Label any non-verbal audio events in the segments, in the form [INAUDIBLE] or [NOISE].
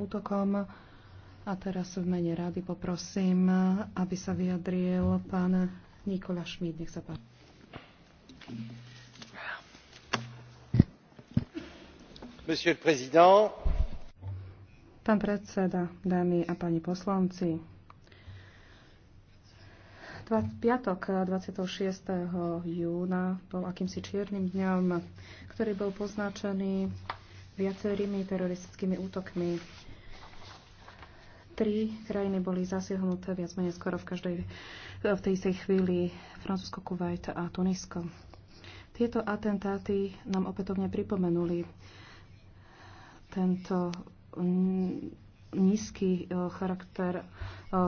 útokom. A teraz v mene rady poprosím, aby sa vyjadril pán Nikola Šmíd. Nech sa páči. Monsieur le Président, Pán predseda, dámy a páni poslanci, piatok 26. júna bol akýmsi čiernym dňom, ktorý bol poznačený viacerými teroristickými útokmi Tri krajiny boli zasiahnuté viac menej skoro v každej v tej istej chvíli Francúzsko, Kuwait a Tunisko. Tieto atentáty nám opätovne pripomenuli tento nízky e, charakter e,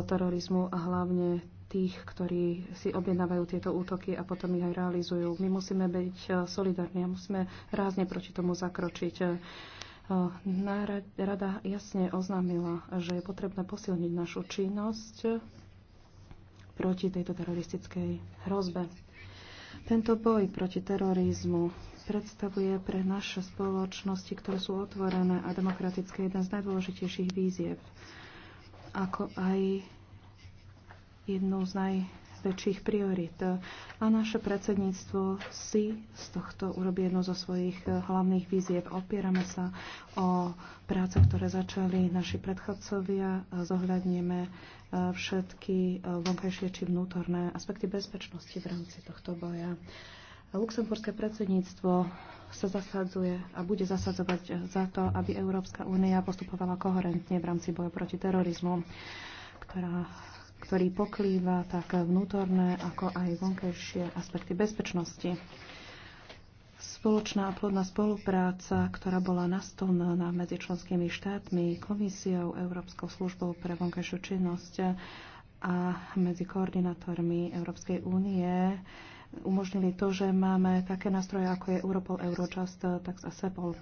terorizmu a hlavne tých, ktorí si objednávajú tieto útoky a potom ich aj realizujú. My musíme byť e, solidárni a musíme rázne proti tomu zakročiť. Rada jasne oznámila, že je potrebné posilniť našu činnosť proti tejto teroristickej hrozbe. Tento boj proti terorizmu predstavuje pre naše spoločnosti, ktoré sú otvorené a demokratické, jeden z najdôležitejších výziev, ako aj jednu z naj väčších priorit. A naše predsedníctvo si z tohto urobí jedno zo svojich eh, hlavných víziev. Opierame sa o práce, ktoré začali naši predchodcovia. Eh, Zohľadneme eh, všetky vonkajšie či vnútorné aspekty bezpečnosti v rámci tohto boja. Luxemburské predsedníctvo sa zasadzuje a bude zasadzovať za to, aby Európska únia postupovala koherentne v rámci boja proti terorizmu, ktorá ktorý pokrýva tak vnútorné, ako aj vonkajšie aspekty bezpečnosti. Spoločná plodná spolupráca, ktorá bola nastolná medzi členskými štátmi, komisiou, Európskou službou pre vonkajšiu činnosť a medzi koordinátormi Európskej únie, umožnili to, že máme také nástroje, ako je Europol, Eurojust, Tax a Sepol.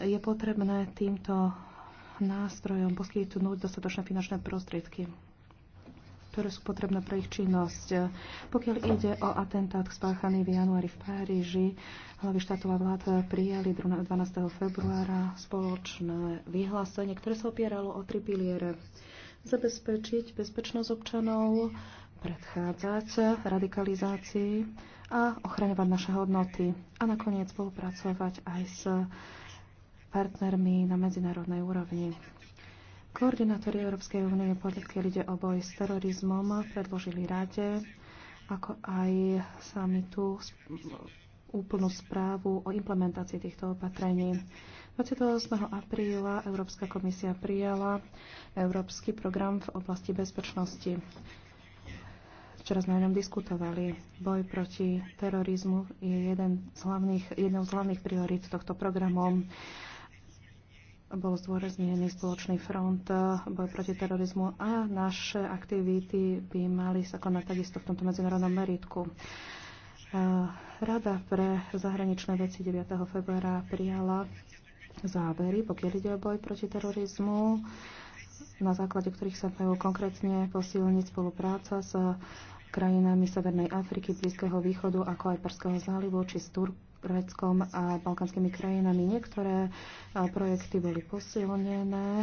Je potrebné týmto nástrojom poskytnúť dostatočné finančné prostriedky ktoré sú potrebné pre ich činnosť. Pokiaľ ide o atentát spáchaný v januári v Paríži, hlavy štátov a vlád prijali 12. februára spoločné vyhlásenie, ktoré sa opieralo o tri piliere. Zabezpečiť bezpečnosť občanov, predchádzať radikalizácii a ochraňovať naše hodnoty a nakoniec spolupracovať aj s partnermi na medzinárodnej úrovni. Koordinátori Európskej únie, pokiaľ ide o boj s terorizmom, predložili rade, ako aj samitu úplnú správu o implementácii týchto opatrení. 28. apríla Európska komisia prijala Európsky program v oblasti bezpečnosti. Včera sme o ňom diskutovali. Boj proti terorizmu je jeden z hlavných, jednou z hlavných priorít tohto programu bol zdôraznený spoločný front boj proti terorizmu a naše aktivity by mali sa konať takisto v tomto medzinárodnom meritku. E, Rada pre zahraničné veci 9. februára prijala závery, pokiaľ ide o boj proti terorizmu, na základe ktorých sa majú konkrétne posilniť spolupráca s krajinami Severnej Afriky, Blízkeho východu, ako aj Perského zálivu, či s Turkou Tureckom a balkánskymi krajinami. Niektoré projekty boli posilnené,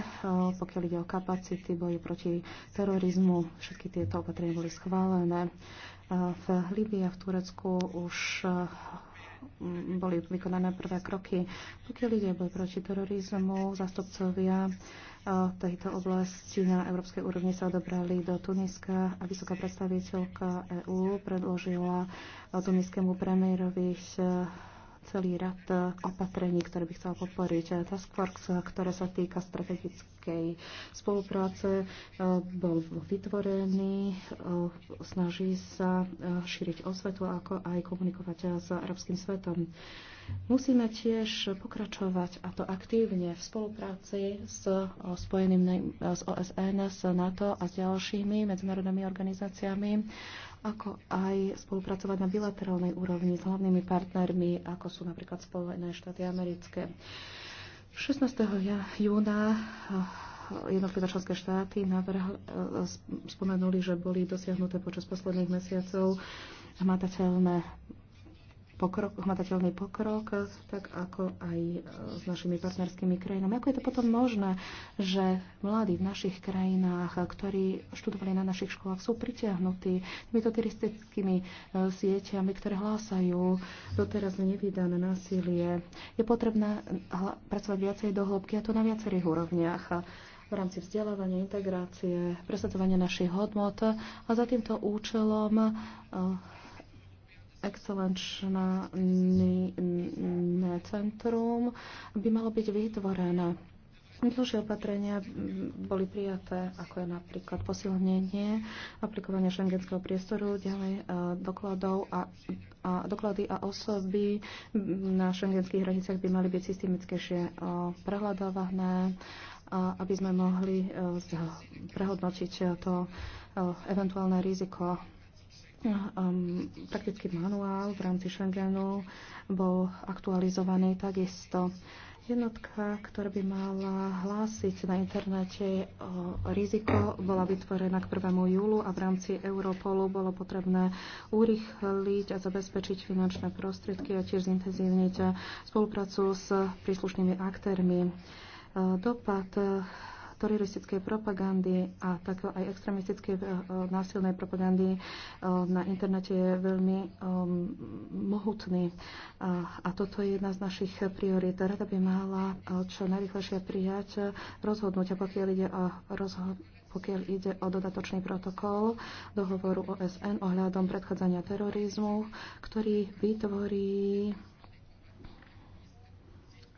pokiaľ ide o kapacity boju proti terorizmu. Všetky tieto opatrenia boli schválené. V Libii a v Turecku už boli vykonané prvé kroky. Pokiaľ ide boj proti terorizmu, zástupcovia tejto oblasti na európskej úrovni sa odobrali do Tuniska a vysoká predstaviteľka EÚ predložila tuniskému premiérovi celý rad e, opatrení, ktoré by chcel podporiť. E, Task Force, e, ktoré sa týka strategickej spolupráce, bol vytvorený, snaží sa šíriť osvetu, ako aj komunikovať s arabským svetom. Musíme tiež pokračovať, a to aktívne, v spolupráci s spojeným s OSN, s NATO a s ďalšími medzinárodnými organizáciami, ako aj spolupracovať na bilaterálnej úrovni s hlavnými partnermi, ako sú napríklad Spojené štáty americké. 16. júna eh, jednotlivé členské štáty navrhl, eh, spomenuli, že boli dosiahnuté počas posledných mesiacov hmatateľné pokrok, hmatateľný pokrok, tak ako aj e, s našimi partnerskými krajinami. Ako je to potom možné, že mladí v našich krajinách, ktorí študovali na našich školách, sú pritiahnutí týmito turistickými e, sieťami, ktoré hlásajú doteraz nevydané násilie. Je potrebné pracovať viacej do hĺbky a to na viacerých úrovniach v rámci vzdelávania, integrácie, presadzovania našich hodnot a za týmto účelom e, excelenčné centrum by malo byť vytvorené. Dlhšie opatrenia boli prijaté, ako je napríklad posilnenie aplikovanie šengenského priestoru, ďalej e, dokladov a, a doklady a osoby na šengenských hraniciach by mali byť systemickejšie e, prehľadávané, e, aby sme mohli prehodnotiť to eventuálne riziko No, um, praktický manuál v rámci Schengenu bol aktualizovaný takisto. Jednotka, ktorá by mala hlásiť na internete o riziko, bola vytvorená k 1. júlu a v rámci Europolu bolo potrebné urychliť a zabezpečiť finančné prostriedky a tiež zintenzívniť spoluprácu s príslušnými aktérmi. Dopad teroristickej propagandy a tak aj extremistickej eh, eh, násilnej propagandy eh, na internete je veľmi ehm, mohutný. A toto je jedna z našich priorít. Rada by mala čo najrychlejšie prijať rozhodnutia, pokiaľ ide o rozhodnutie pokiaľ ide o dodatočný protokol dohovoru OSN ohľadom predchádzania terorizmu, ktorý vytvorí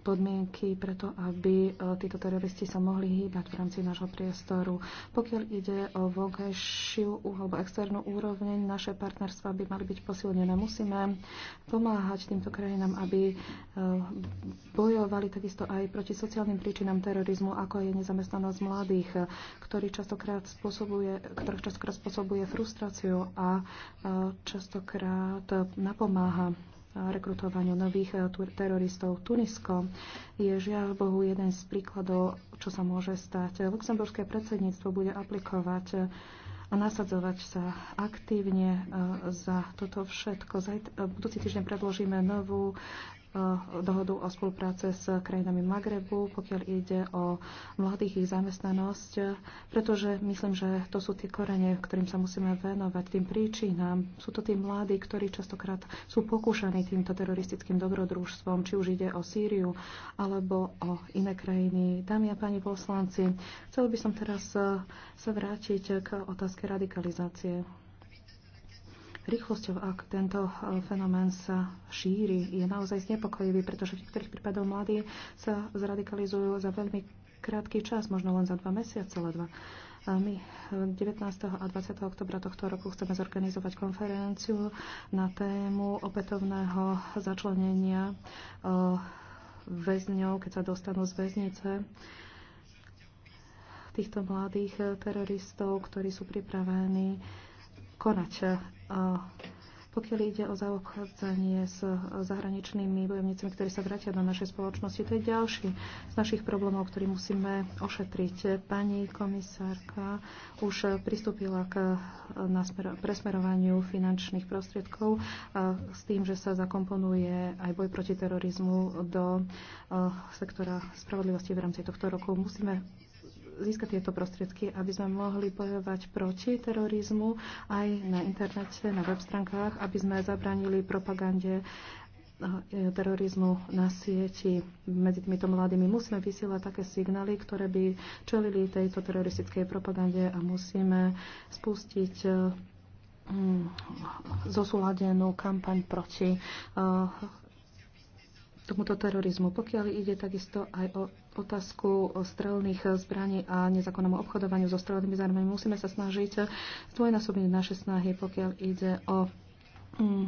podmienky preto, aby e, títo teroristi sa mohli hýbať v rámci nášho priestoru. Pokiaľ ide o vonkajšiu alebo externú úroveň, naše partnerstva by mali byť posilnené. Musíme pomáhať týmto krajinám, aby e, bojovali takisto aj proti sociálnym príčinám terorizmu, ako je nezamestnanosť mladých, ktorý častokrát spôsobuje, ktorých častokrát spôsobuje frustráciu a e, častokrát napomáha rekrutovaniu nových e, teroristov. Tunisko je žiaľ Bohu jeden z príkladov, čo sa môže stať. Luxemburské predsedníctvo bude aplikovať e, a nasadzovať sa aktívne e, za toto všetko. Zajt, budúci týždeň predložíme novú Eh, dohodu o spolupráce s krajinami Magrebu, pokiaľ ide o mladých ich zamestnanosť, pretože myslím, že to sú tie korene, ktorým sa musíme venovať, tým príčinám. Sú to tí mladí, ktorí častokrát sú pokúšaní týmto teroristickým dobrodružstvom, či už ide o Sýriu alebo o iné krajiny. Dámy a páni poslanci, chcel by som teraz eh, sa vrátiť k otázke radikalizácie rýchlosťou, ak tento eh, fenomén sa šíri, je naozaj znepokojivý, pretože v niektorých prípadoch mladí sa zradikalizujú za veľmi krátky čas, možno len za dva mesiace, dva. A my 19. Eh, a 20. oktobra tohto roku chceme zorganizovať konferenciu na tému opätovného začlenenia eh, väzňov, keď sa dostanú z väznice týchto mladých teroristov, ktorí sú pripravení konať pokiaľ ide o zaobchádzanie s zahraničnými bojovnícami, ktorí sa vrátia do našej spoločnosti, to je ďalší z našich problémov, ktorý musíme ošetriť. Pani komisárka už pristúpila k presmerovaniu finančných prostriedkov s tým, že sa zakomponuje aj boj proti terorizmu do sektora spravodlivosti v rámci tohto roku. Musíme získať tieto prostriedky, aby sme mohli bojovať proti terorizmu aj na internete, na web stránkach, aby sme zabránili propagande eh, terorizmu na sieti medzi týmito mladými. Musíme vysielať také signály, ktoré by čelili tejto teroristickej propagande a musíme spustiť eh, hm, zosúladenú kampaň proti eh, tomuto terorizmu. Pokiaľ ide takisto aj o otázku strelných zbraní a nezákonnému obchodovaniu so strelnými zbraniami. Musíme sa snažiť zdvojnásobiť naše snahy, pokiaľ ide o mm,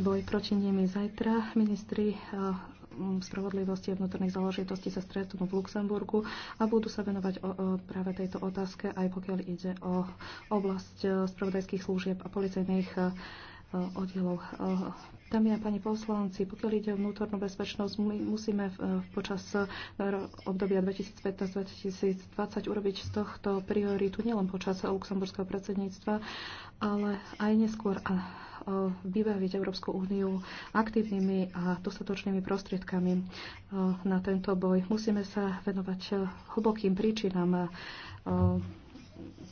boj proti nimi zajtra. Ministri e, mm, spravodlivosti a vnútorných záležitostí sa stretnú v Luxemburgu a budú sa venovať o, o, práve tejto otázke, aj pokiaľ ide o oblasť e, spravodajských služieb a policajných e, Eh, oddielov. Eh, dámy a pani poslanci, pokiaľ ide o vnútornú bezpečnosť, my musíme eh, počas obdobia 2015-2020 urobiť z tohto prioritu nielen počas luxemburského predsedníctva, ale aj neskôr vybaviť Európsku úniu aktívnymi a dostatočnými prostriedkami na tento boj. Musíme sa venovať hlbokým príčinám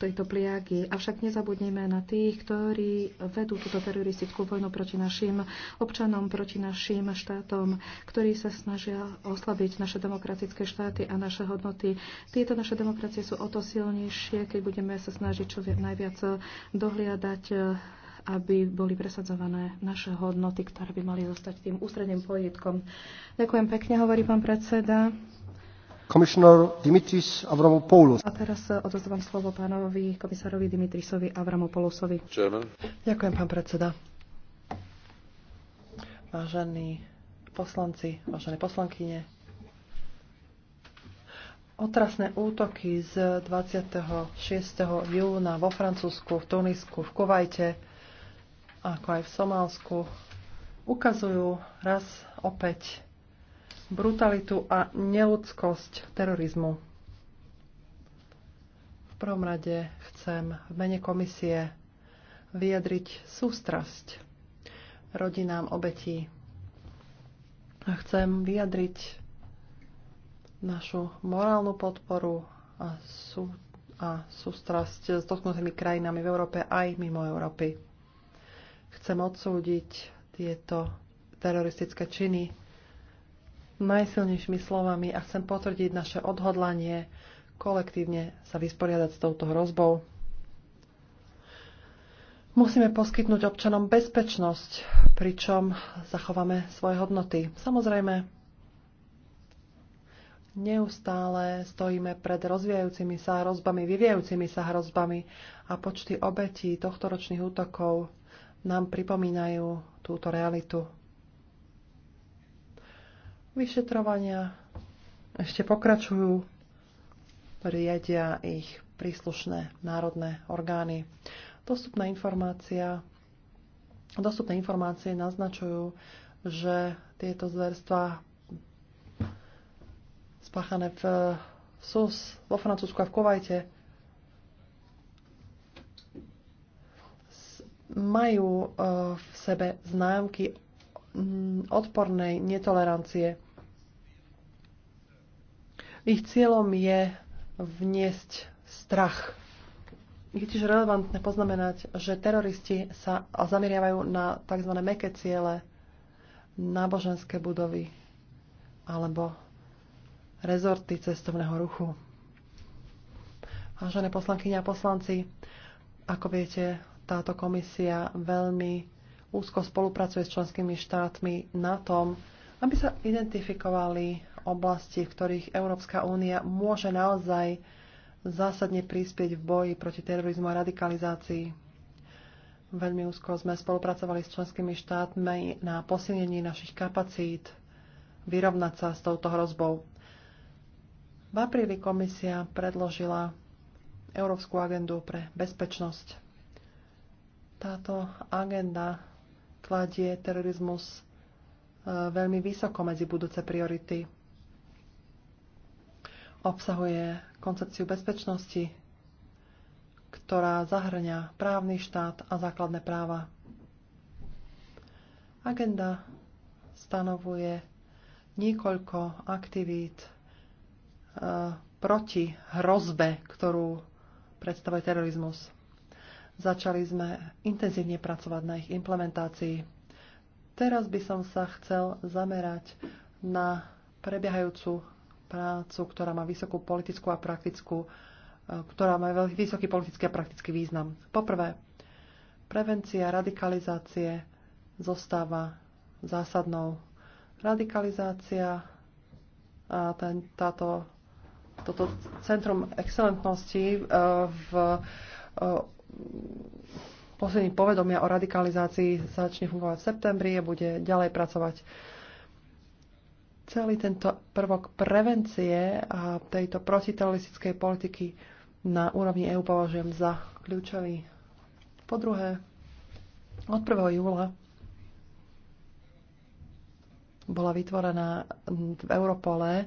tejto pliagy. Avšak nezabudnime na tých, ktorí vedú túto teroristickú vojnu proti našim občanom, proti našim štátom, ktorí sa snažia oslabiť naše demokratické štáty a naše hodnoty. Tieto naše demokracie sú o to silnejšie, keď budeme sa snažiť čo najviac dohliadať aby boli presadzované naše hodnoty, ktoré by mali zostať tým ústredným pojitkom. Ďakujem pekne, hovorí pán predseda. A teraz odozvám slovo pánovi komisárovi Dimitrisovi Avramopoulosovi. Ďakujem, pán predseda. Vážení poslanci, vážené poslankyne, Otrasné útoky z 26. júna vo Francúzsku, v Tunisku, v Kovajte, ako aj v Somálsku, ukazujú raz opäť brutalitu a neludskosť terorizmu. V prvom rade chcem v mene komisie vyjadriť sústrasť rodinám obetí. A chcem vyjadriť našu morálnu podporu a, sú, a sústrasť s dotknutými krajinami v Európe aj mimo Európy. Chcem odsúdiť tieto teroristické činy najsilnejšími slovami a chcem potvrdiť naše odhodlanie kolektívne sa vysporiadať s touto hrozbou. Musíme poskytnúť občanom bezpečnosť, pričom zachováme svoje hodnoty. Samozrejme, neustále stojíme pred rozvíjajúcimi sa hrozbami, vyvíjajúcimi sa hrozbami a počty obetí tohto ročných útokov nám pripomínajú túto realitu. Vyšetrovania ešte pokračujú, riadia ich príslušné národné orgány. Dostupná informácia, dostupné informácie naznačujú, že tieto zverstva spáchané v SUS, vo Francúzsku a v Kovajte majú eh, v sebe známky Mm, odpornej netolerancie. Ich cieľom je vniesť strach. Je tiež relevantné poznamenať, že teroristi sa zameriavajú na tzv. meké ciele, náboženské budovy alebo rezorty cestovného ruchu. Vážené poslankyne a poslanci, ako viete, táto komisia veľmi úzko spolupracuje s členskými štátmi na tom, aby sa identifikovali oblasti, v ktorých Európska únia môže naozaj zásadne prispieť v boji proti terorizmu a radikalizácii. Veľmi úzko sme spolupracovali s členskými štátmi na posilnení našich kapacít vyrovnať sa s touto hrozbou. V apríli komisia predložila Európsku agendu pre bezpečnosť. Táto agenda kladie terorizmus e, veľmi vysoko medzi budúce priority. Obsahuje koncepciu bezpečnosti, ktorá zahrňa právny štát a základné práva. Agenda stanovuje niekoľko aktivít e, proti hrozbe, ktorú predstavuje terorizmus Začali sme intenzívne pracovať na ich implementácii. Teraz by som sa chcel zamerať na prebiehajúcu prácu, ktorá má vysokú politickú a praktickú, e, ktorá má veľmi vysoký politický a praktický význam. Poprvé, prevencia radikalizácie zostáva zásadnou. Radikalizácia a ten, táto, toto centrum excelentnosti e, v e, posilní povedomia o radikalizácii začne fungovať v septembri a bude ďalej pracovať celý tento prvok prevencie a tejto protiteroristickej politiky na úrovni EÚ považujem za kľúčový. Po druhé, od 1. júla bola vytvorená v Europole eh,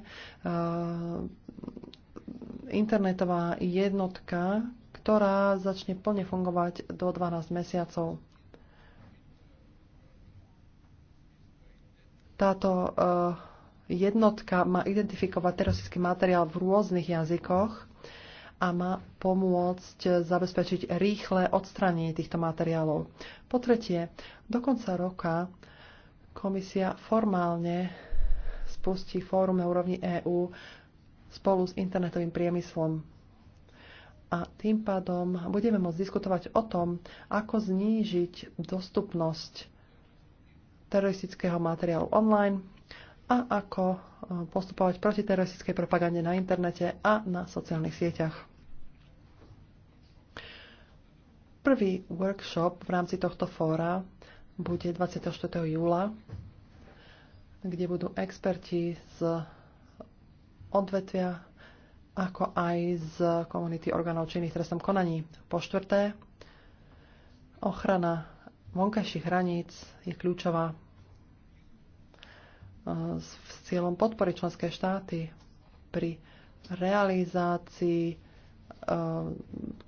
internetová jednotka, ktorá začne plne fungovať do 12 mesiacov. Táto eh, jednotka má identifikovať teroristický materiál v rôznych jazykoch a má pomôcť zabezpečiť rýchle odstranenie týchto materiálov. Po tretie, do konca roka komisia formálne spustí fórum na úrovni EÚ spolu s internetovým priemyslom a tým pádom budeme môcť diskutovať o tom, ako znížiť dostupnosť teroristického materiálu online a ako e, postupovať proti teroristickej propagande na internete a na sociálnych sieťach. Prvý workshop v rámci tohto fóra bude 24. júla, kde budú experti z odvetvia ako aj z komunity orgánov činných trestom konaní. Po štvrté, ochrana vonkajších hraníc je kľúčová e, s cieľom podpory členské štáty pri realizácii e,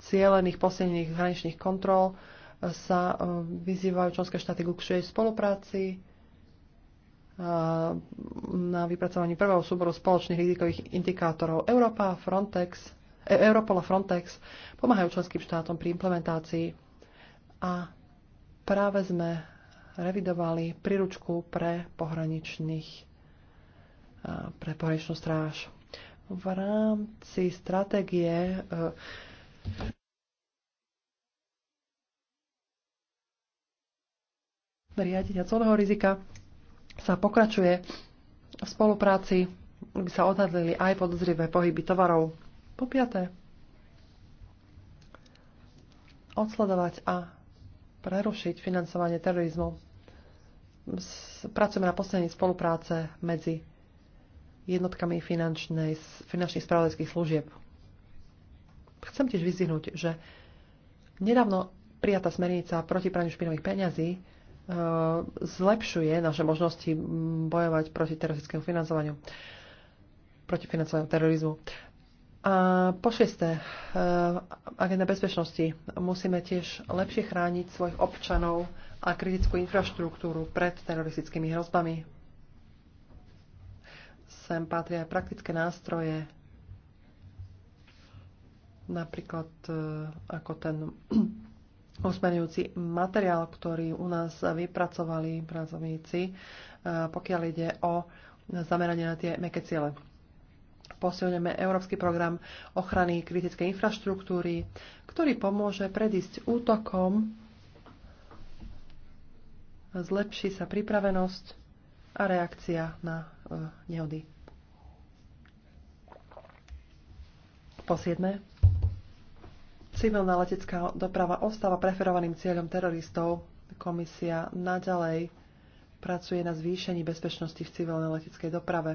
cieľených posilnených hraničných kontrol e, sa vyzývajú členské štáty k širšej spolupráci Eh, na vypracovaní prvého súboru spoločných rizikových indikátorov Európa, Frontex, e, Europol a Frontex pomáhajú členským štátom pri implementácii a práve sme revidovali príručku pre pohraničných eh, pre pohraničnú stráž. V rámci stratégie eh, riadenia celého rizika sa pokračuje v spolupráci, by sa odhadlili aj podozrivé pohyby tovarov. Po piaté, odsledovať a prerušiť financovanie terorizmu. Pracujeme na posilnení spolupráce medzi jednotkami finančných spravodajských služieb. Chcem tiež vyzvihnúť, že nedávno prijatá smernica proti praniu špinových peňazí E, zlepšuje naše možnosti bojovať proti teroristickému financovaniu, proti financovaniu terorizmu. A po šesté, e, agenda bezpečnosti. Musíme tiež lepšie chrániť svojich občanov a kritickú infraštruktúru pred teroristickými hrozbami. Sem patria aj praktické nástroje, napríklad e, ako ten usmerňujúci materiál, ktorý u nás vypracovali pracovníci, e, pokiaľ ide o zameranie na tie meké ciele. Posilňujeme Európsky program ochrany kritickej infraštruktúry, ktorý pomôže predísť útokom, zlepší sa pripravenosť a reakcia na e, nehody. Po siedme, Civilná letecká doprava ostáva preferovaným cieľom teroristov. Komisia naďalej pracuje na zvýšení bezpečnosti v civilnej leteckej doprave.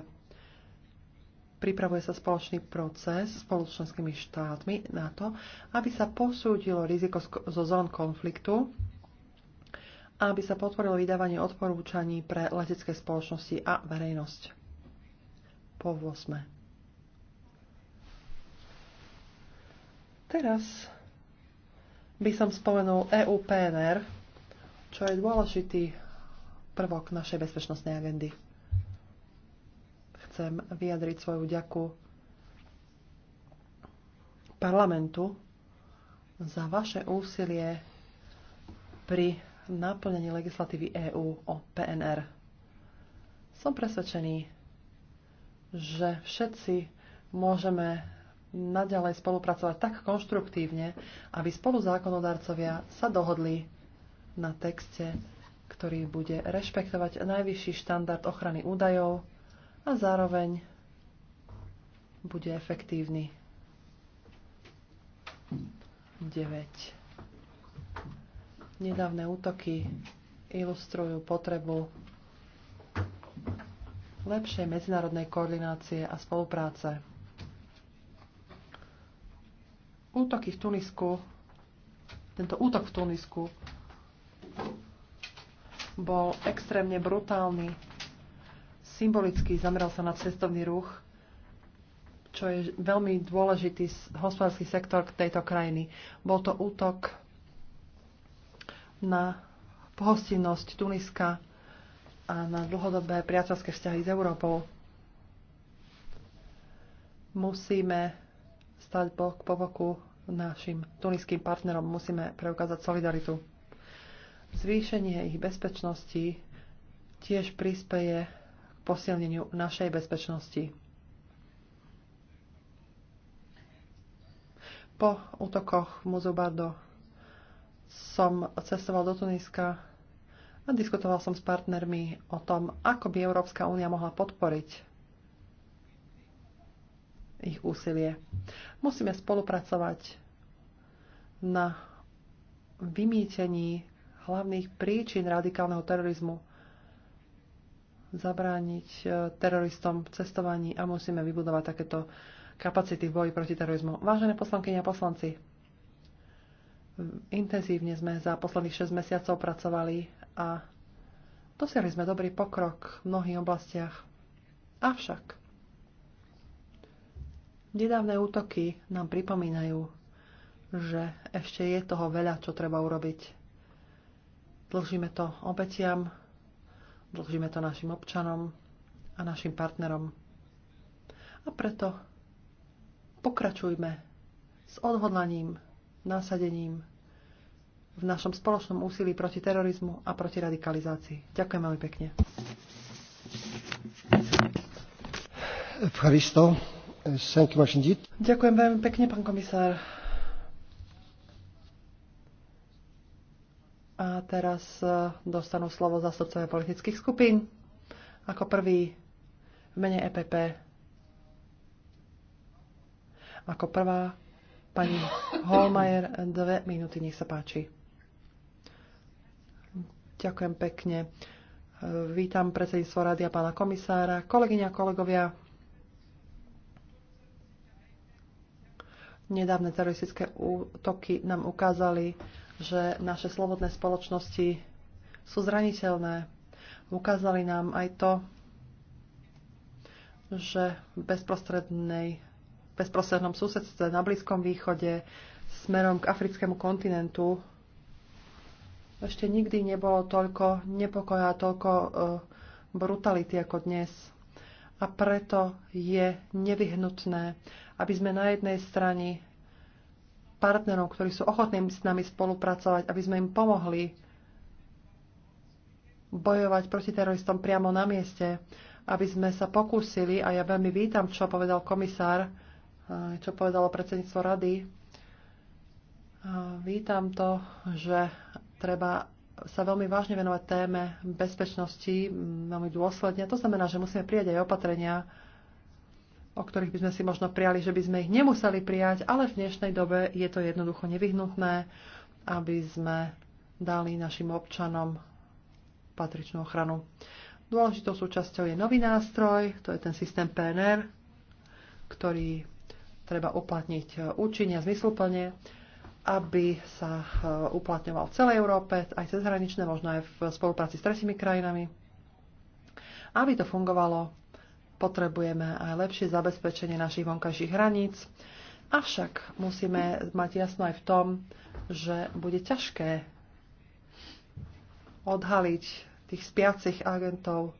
Pripravuje sa spoločný proces s členskými štátmi na to, aby sa posúdilo riziko zo zón konfliktu a aby sa potvorilo vydávanie odporúčaní pre letecké spoločnosti a verejnosť. Po 8. Teraz by som spomenul EU PNR, čo je dôležitý prvok našej bezpečnostnej agendy. Chcem vyjadriť svoju ďaku parlamentu za vaše úsilie pri naplnení legislatívy EÚ o PNR. Som presvedčený, že všetci môžeme naďalej spolupracovať tak konštruktívne, aby zákonodarcovia sa dohodli na texte, ktorý bude rešpektovať najvyšší štandard ochrany údajov a zároveň bude efektívny. 9. Nedávne útoky ilustrujú potrebu lepšej medzinárodnej koordinácie a spolupráce útoky v Tunisku, tento útok v Tunisku bol extrémne brutálny, symbolický, zameral sa na cestovný ruch, čo je veľmi dôležitý hospodársky sektor tejto krajiny. Bol to útok na pohostinnosť Tuniska a na dlhodobé priateľské vzťahy s Európou. Musíme stať bok po boku našim tuniským partnerom. Musíme preukázať solidaritu. Zvýšenie ich bezpečnosti tiež prispeje k posilneniu našej bezpečnosti. Po útokoch Muzubado som cestoval do Tuniska a diskutoval som s partnermi o tom, ako by Európska únia mohla podporiť ich úsilie. Musíme spolupracovať na vymýtení hlavných príčin radikálneho terorizmu, zabrániť e, teroristom v cestovaní a musíme vybudovať takéto kapacity v boji proti terorizmu. Vážené poslankyne a poslanci, intenzívne sme za posledných 6 mesiacov pracovali a dosiahli sme dobrý pokrok v mnohých oblastiach. Avšak Nedávne útoky nám pripomínajú, že ešte je toho veľa, čo treba urobiť. Dlžíme to obetiam, dlžíme to našim občanom a našim partnerom. A preto pokračujme s odhodlaním, násadením v našom spoločnom úsilí proti terorizmu a proti radikalizácii. Ďakujem veľmi pekne. Evcharisto. Ďakujem veľmi pekne, pán komisár. A teraz e, dostanú slovo zastupcovia politických skupín. Ako prvý v mene EPP. Ako prvá pani Holmajer, dve minúty, nech sa páči. Ďakujem pekne. E, vítam predsedníctvo rady a pána komisára, kolegyňa, kolegovia. Nedávne teroristické útoky nám ukázali, že naše slobodné spoločnosti sú zraniteľné. Ukázali nám aj to, že v bezprostrednej, bezprostrednom susedstve na Blízkom východe smerom k africkému kontinentu ešte nikdy nebolo toľko nepokoja, toľko uh, brutality ako dnes a preto je nevyhnutné, aby sme na jednej strane partnerov, ktorí sú ochotní s nami spolupracovať, aby sme im pomohli bojovať proti teroristom priamo na mieste, aby sme sa pokúsili, a ja veľmi vítam, čo povedal komisár, čo povedalo predsedníctvo rady, vítam to, že treba sa veľmi vážne venovať téme bezpečnosti veľmi dôsledne. To znamená, že musíme prijať aj opatrenia, o ktorých by sme si možno prijali, že by sme ich nemuseli prijať, ale v dnešnej dobe je to jednoducho nevyhnutné, aby sme dali našim občanom patričnú ochranu. Dôležitou súčasťou je nový nástroj, to je ten systém PNR, ktorý treba uplatniť účinne a zmysluplne aby sa e, uplatňoval v celej Európe, aj cezhraničné, možno aj v spolupráci s tretími krajinami. Aby to fungovalo, potrebujeme aj lepšie zabezpečenie našich vonkajších hraníc, avšak musíme mať jasno aj v tom, že bude ťažké odhaliť tých spiacich agentov,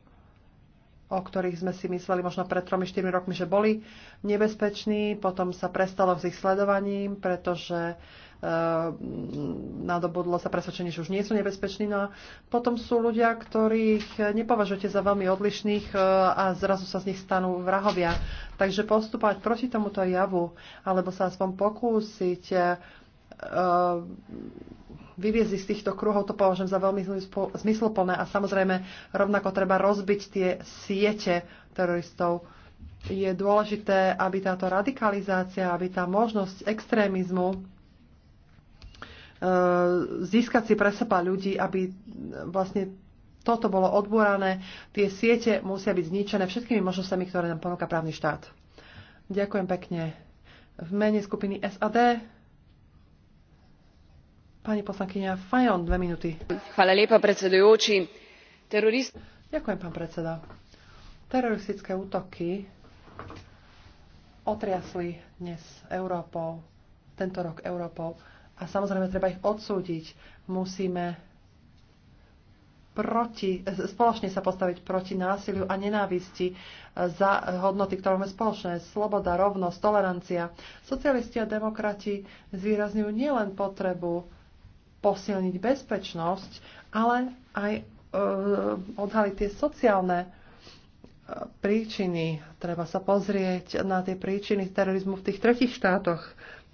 o ktorých sme si mysleli možno pred 3-4 rokmi, že boli nebezpeční, potom sa prestalo s ich sledovaním, pretože Ehm, nadobudlo sa presvedčenie, že už nie sú nebezpeční. No a potom sú ľudia, ktorých nepovažujete za veľmi odlišných e, a zrazu sa z nich stanú vrahovia. Takže postupovať proti tomuto javu, alebo sa aspoň pokúsiť e, vyviezť z týchto kruhov, to považujem za veľmi zmysloplné a samozrejme rovnako treba rozbiť tie siete teroristov. Je dôležité, aby táto radikalizácia, aby tá možnosť extrémizmu E, získať si pre seba ľudí, aby e, vlastne toto bolo odbúrané. Tie siete musia byť zničené všetkými možnosťami, ktoré nám ponúka právny štát. Ďakujem pekne. V mene skupiny SAD pani poslankyňa Fajon, dve minúty. Hvala lepa, predsedujúči. Terorist... Ďakujem, pán predseda. Teroristické útoky otriasli dnes Európou, tento rok Európou. A samozrejme, treba ich odsúdiť. Musíme proti, spoločne sa postaviť proti násiliu a nenávisti za hodnoty, ktoré máme spoločné. Sloboda, rovnosť, tolerancia. Socialisti a demokrati zvýrazňujú nielen potrebu posilniť bezpečnosť, ale aj uh, odhaliť tie sociálne e, príčiny. Treba sa pozrieť na tie príčiny terorizmu v tých tretich štátoch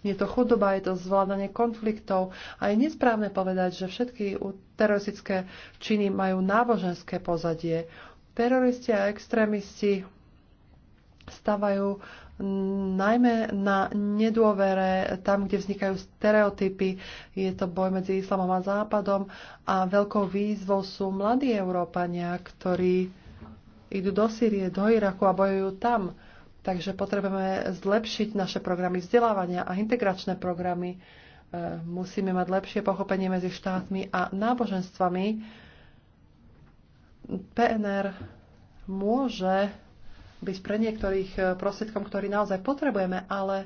je to chudoba, je to zvládanie konfliktov a je nesprávne povedať, že všetky teroristické činy majú náboženské pozadie. Teroristi a extrémisti stavajú najmä na nedôvere, tam, kde vznikajú stereotypy. Je to boj medzi islamom a západom a veľkou výzvou sú mladí Európania, ktorí idú do Sýrie, do Iraku a bojujú tam Takže potrebujeme zlepšiť naše programy vzdelávania a integračné programy. E, musíme mať lepšie pochopenie medzi štátmi a náboženstvami. PNR môže byť pre niektorých e, prostriedkom, ktorý naozaj potrebujeme, ale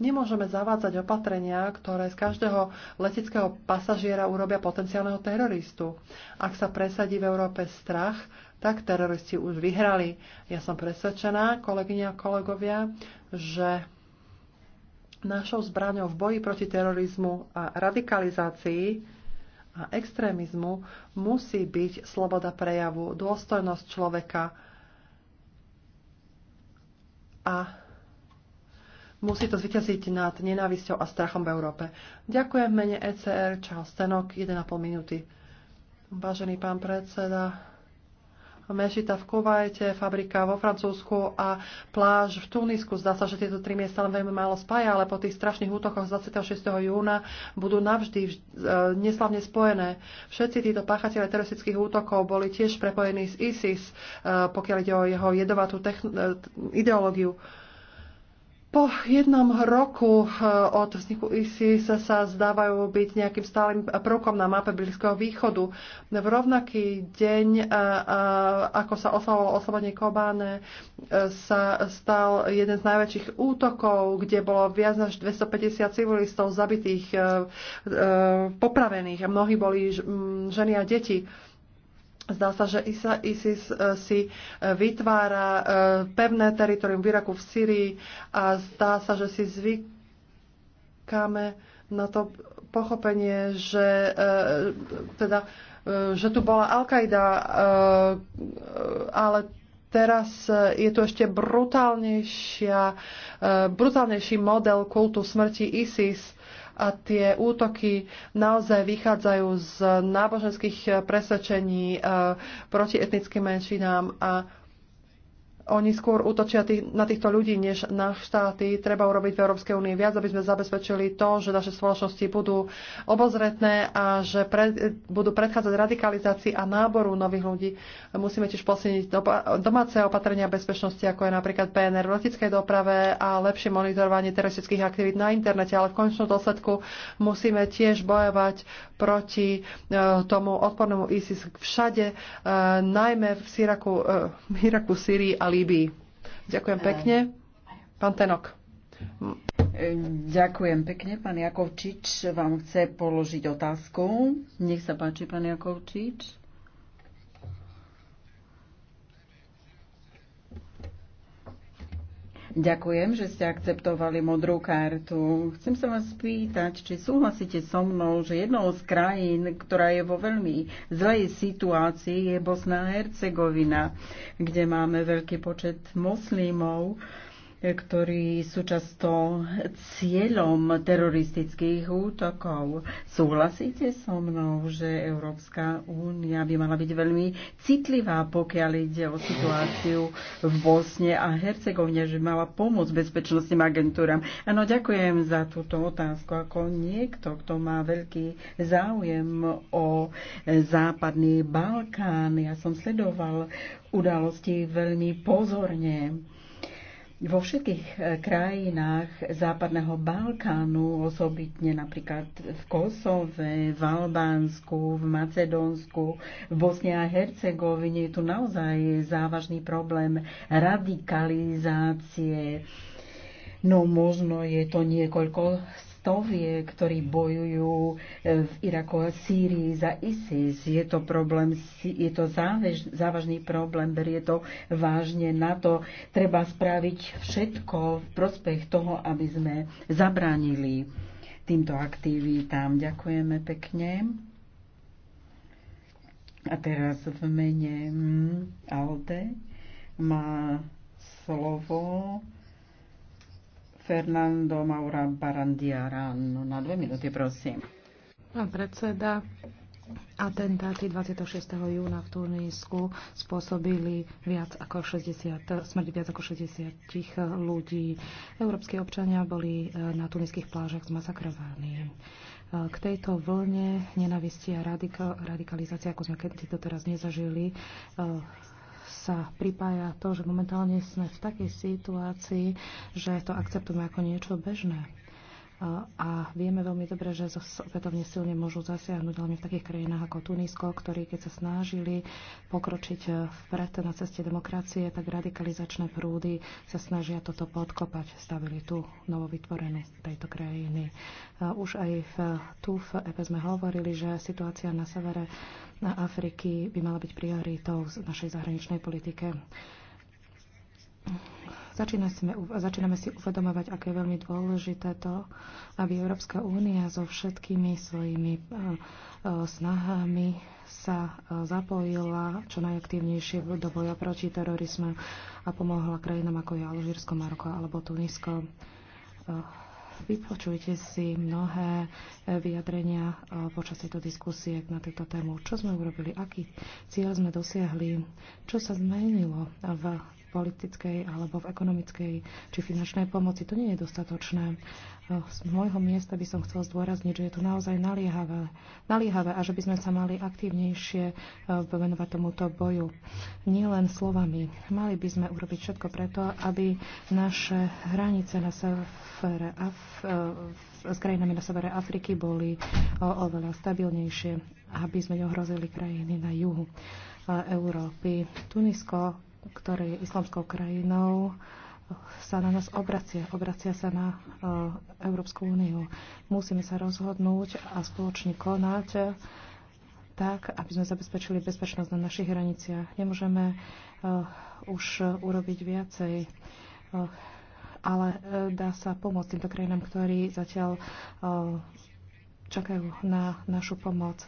nemôžeme zavádzať opatrenia, ktoré z každého leteckého pasažiera urobia potenciálneho teroristu. Ak sa presadí v Európe strach, tak teroristi už vyhrali. Ja som presvedčená, kolegyňa a kolegovia, že našou zbraňou v boji proti terorizmu a radikalizácii a extrémizmu musí byť sloboda prejavu, dôstojnosť človeka a musí to zvyťaziť nad nenávisťou a strachom v Európe. Ďakujem v mene ECR, Charles Stenok 1,5 minúty. Vážený pán predseda, mešita v Kuvajte, fabrika vo Francúzsku a pláž v Tunisku. Zdá sa, že tieto tri miesta len veľmi málo spája, ale po tých strašných útokoch z 26. júna budú navždy e, neslavne spojené. Všetci títo páchatelia teroristických útokov boli tiež prepojení s ISIS, e, pokiaľ ide o jeho jedovatú e, ideológiu. Po jednom roku eh, od vzniku ISIS sa zdávajú byť nejakým stálym prvkom na mape Blízkeho východu. V rovnaký deň, eh, eh, ako sa oslavovalo oslobodenie Kobáne, sa stal jeden z najväčších útokov, kde bolo viac než 250 civilistov zabitých, popravených a mnohí boli ženy a deti Zdá sa, že ISIS eh, si eh, vytvára eh, pevné teritorium v Iraku, v Syrii a zdá sa, že si zvykáme na to pochopenie, že teda že tu bola Al-Qaida, ale teraz je tu ešte brutálnejšia, brutálnejší model kultu smrti ISIS a tie útoky naozaj vychádzajú z náboženských presvedčení eh, proti etnickým menšinám a oni skôr útočia tých, na týchto ľudí, než na štáty. Treba urobiť v Európskej únii viac, aby sme zabezpečili to, že naše spoločnosti budú obozretné a že pre, budú predchádzať radikalizácii a náboru nových ľudí. Musíme tiež posilniť domáce opatrenia bezpečnosti, ako je napríklad PNR v letickej doprave a lepšie monitorovanie teroristických aktivít na internete, ale v končnom dôsledku musíme tiež bojovať proti e, tomu odpornému ISIS všade, e, najmä v Syraku, e, v Iraku, Syrii a Líbii. Ďakujem pekne. Pán Tenok. Ďakujem pekne. Pán Jakovčič vám chce položiť otázku. Nech sa páči, pán Jakovčič. Ďakujem, že ste akceptovali modrú kartu. Chcem sa vás spýtať, či súhlasíte so mnou, že jednou z krajín, ktorá je vo veľmi zlej situácii, je Bosna a Hercegovina, kde máme veľký počet moslimov ktorí sú často cieľom teroristických útokov. Súhlasíte so mnou, že Európska únia by mala byť veľmi citlivá, pokiaľ ide o situáciu v Bosne a Hercegovine, že mala pomôcť bezpečnostným agentúram. Áno, ďakujem za túto otázku. Ako niekto, kto má veľký záujem o západný Balkán, ja som sledoval udalosti veľmi pozorne vo všetkých e, krajinách západného Balkánu, osobitne napríklad v Kosove, v Albánsku, v Macedónsku, v Bosne a Hercegovine je tu naozaj závažný problém radikalizácie. No možno je to niekoľko stoviek, ktorí bojujú e, v Iraku a Sýrii za ISIS. Je to, problém, je to závež, závažný problém, berie to vážne na to. Treba spraviť všetko v prospech toho, aby sme zabránili týmto aktivitám. Ďakujeme pekne. A teraz v mene mm, Alde má slovo Fernando Maura Barandiaran. No, na dve minúty, prosím. Pán predseda, Atentáty 26. júna v Tunísku spôsobili viac ako 60, smrť viac ako 60 ľudí. Európsky občania boli e, na tunískych plážach zmasakrovaní. E, k tejto vlne nenavisti a radikalizácie, ako sme kedy to teraz nezažili, e, sa pripája to, že momentálne sme v takej situácii, že to akceptujeme ako niečo bežné a vieme veľmi dobre, že opätovne silne môžu zasiahnuť hlavne v takých krajinách ako Tunisko, ktorí keď sa snažili pokročiť e, vpred na ceste demokracie, tak radikalizačné prúdy sa snažia toto podkopať stabilitu novovytvorenú tejto krajiny. E, už aj v, tu v EP sme hovorili, že situácia na severe na Afriky by mala byť prioritou našej zahraničnej politike si, začíname si uvedomovať, aké je veľmi dôležité to, aby Európska únia so všetkými svojimi e, e, snahami sa e, zapojila čo najaktívnejšie do boja proti terorizmu a pomohla krajinám ako je Alžírsko, Maroko alebo Tunisko. Vypočujte si mnohé vyjadrenia počas tejto diskusie na túto tému. Čo sme urobili, aký cieľ sme dosiahli, čo sa zmenilo v politickej alebo v ekonomickej či finančnej pomoci. To nie je dostatočné. Eh, z môjho miesta by som chcel zdôrazniť, že je to naozaj naliehavé, naliehavé a že by sme sa mali aktívnejšie eh, venovať tomuto boju. Nie len slovami. Mali by sme urobiť všetko preto, aby naše hranice na severe eh, s krajinami na severe Afriky boli oveľa stabilnejšie, aby sme neohrozili krajiny na juhu. Európy. Tunisko ktoré je islamskou krajinou, sa na nás obracia. Obracia sa na eh, Európsku úniu. Musíme sa rozhodnúť a spoločne konať tak, aby sme zabezpečili bezpečnosť na našich hraniciach. Nemôžeme eh, už urobiť viacej eh, ale dá sa pomôcť týmto krajinám, ktorí zatiaľ čakajú na našu pomoc,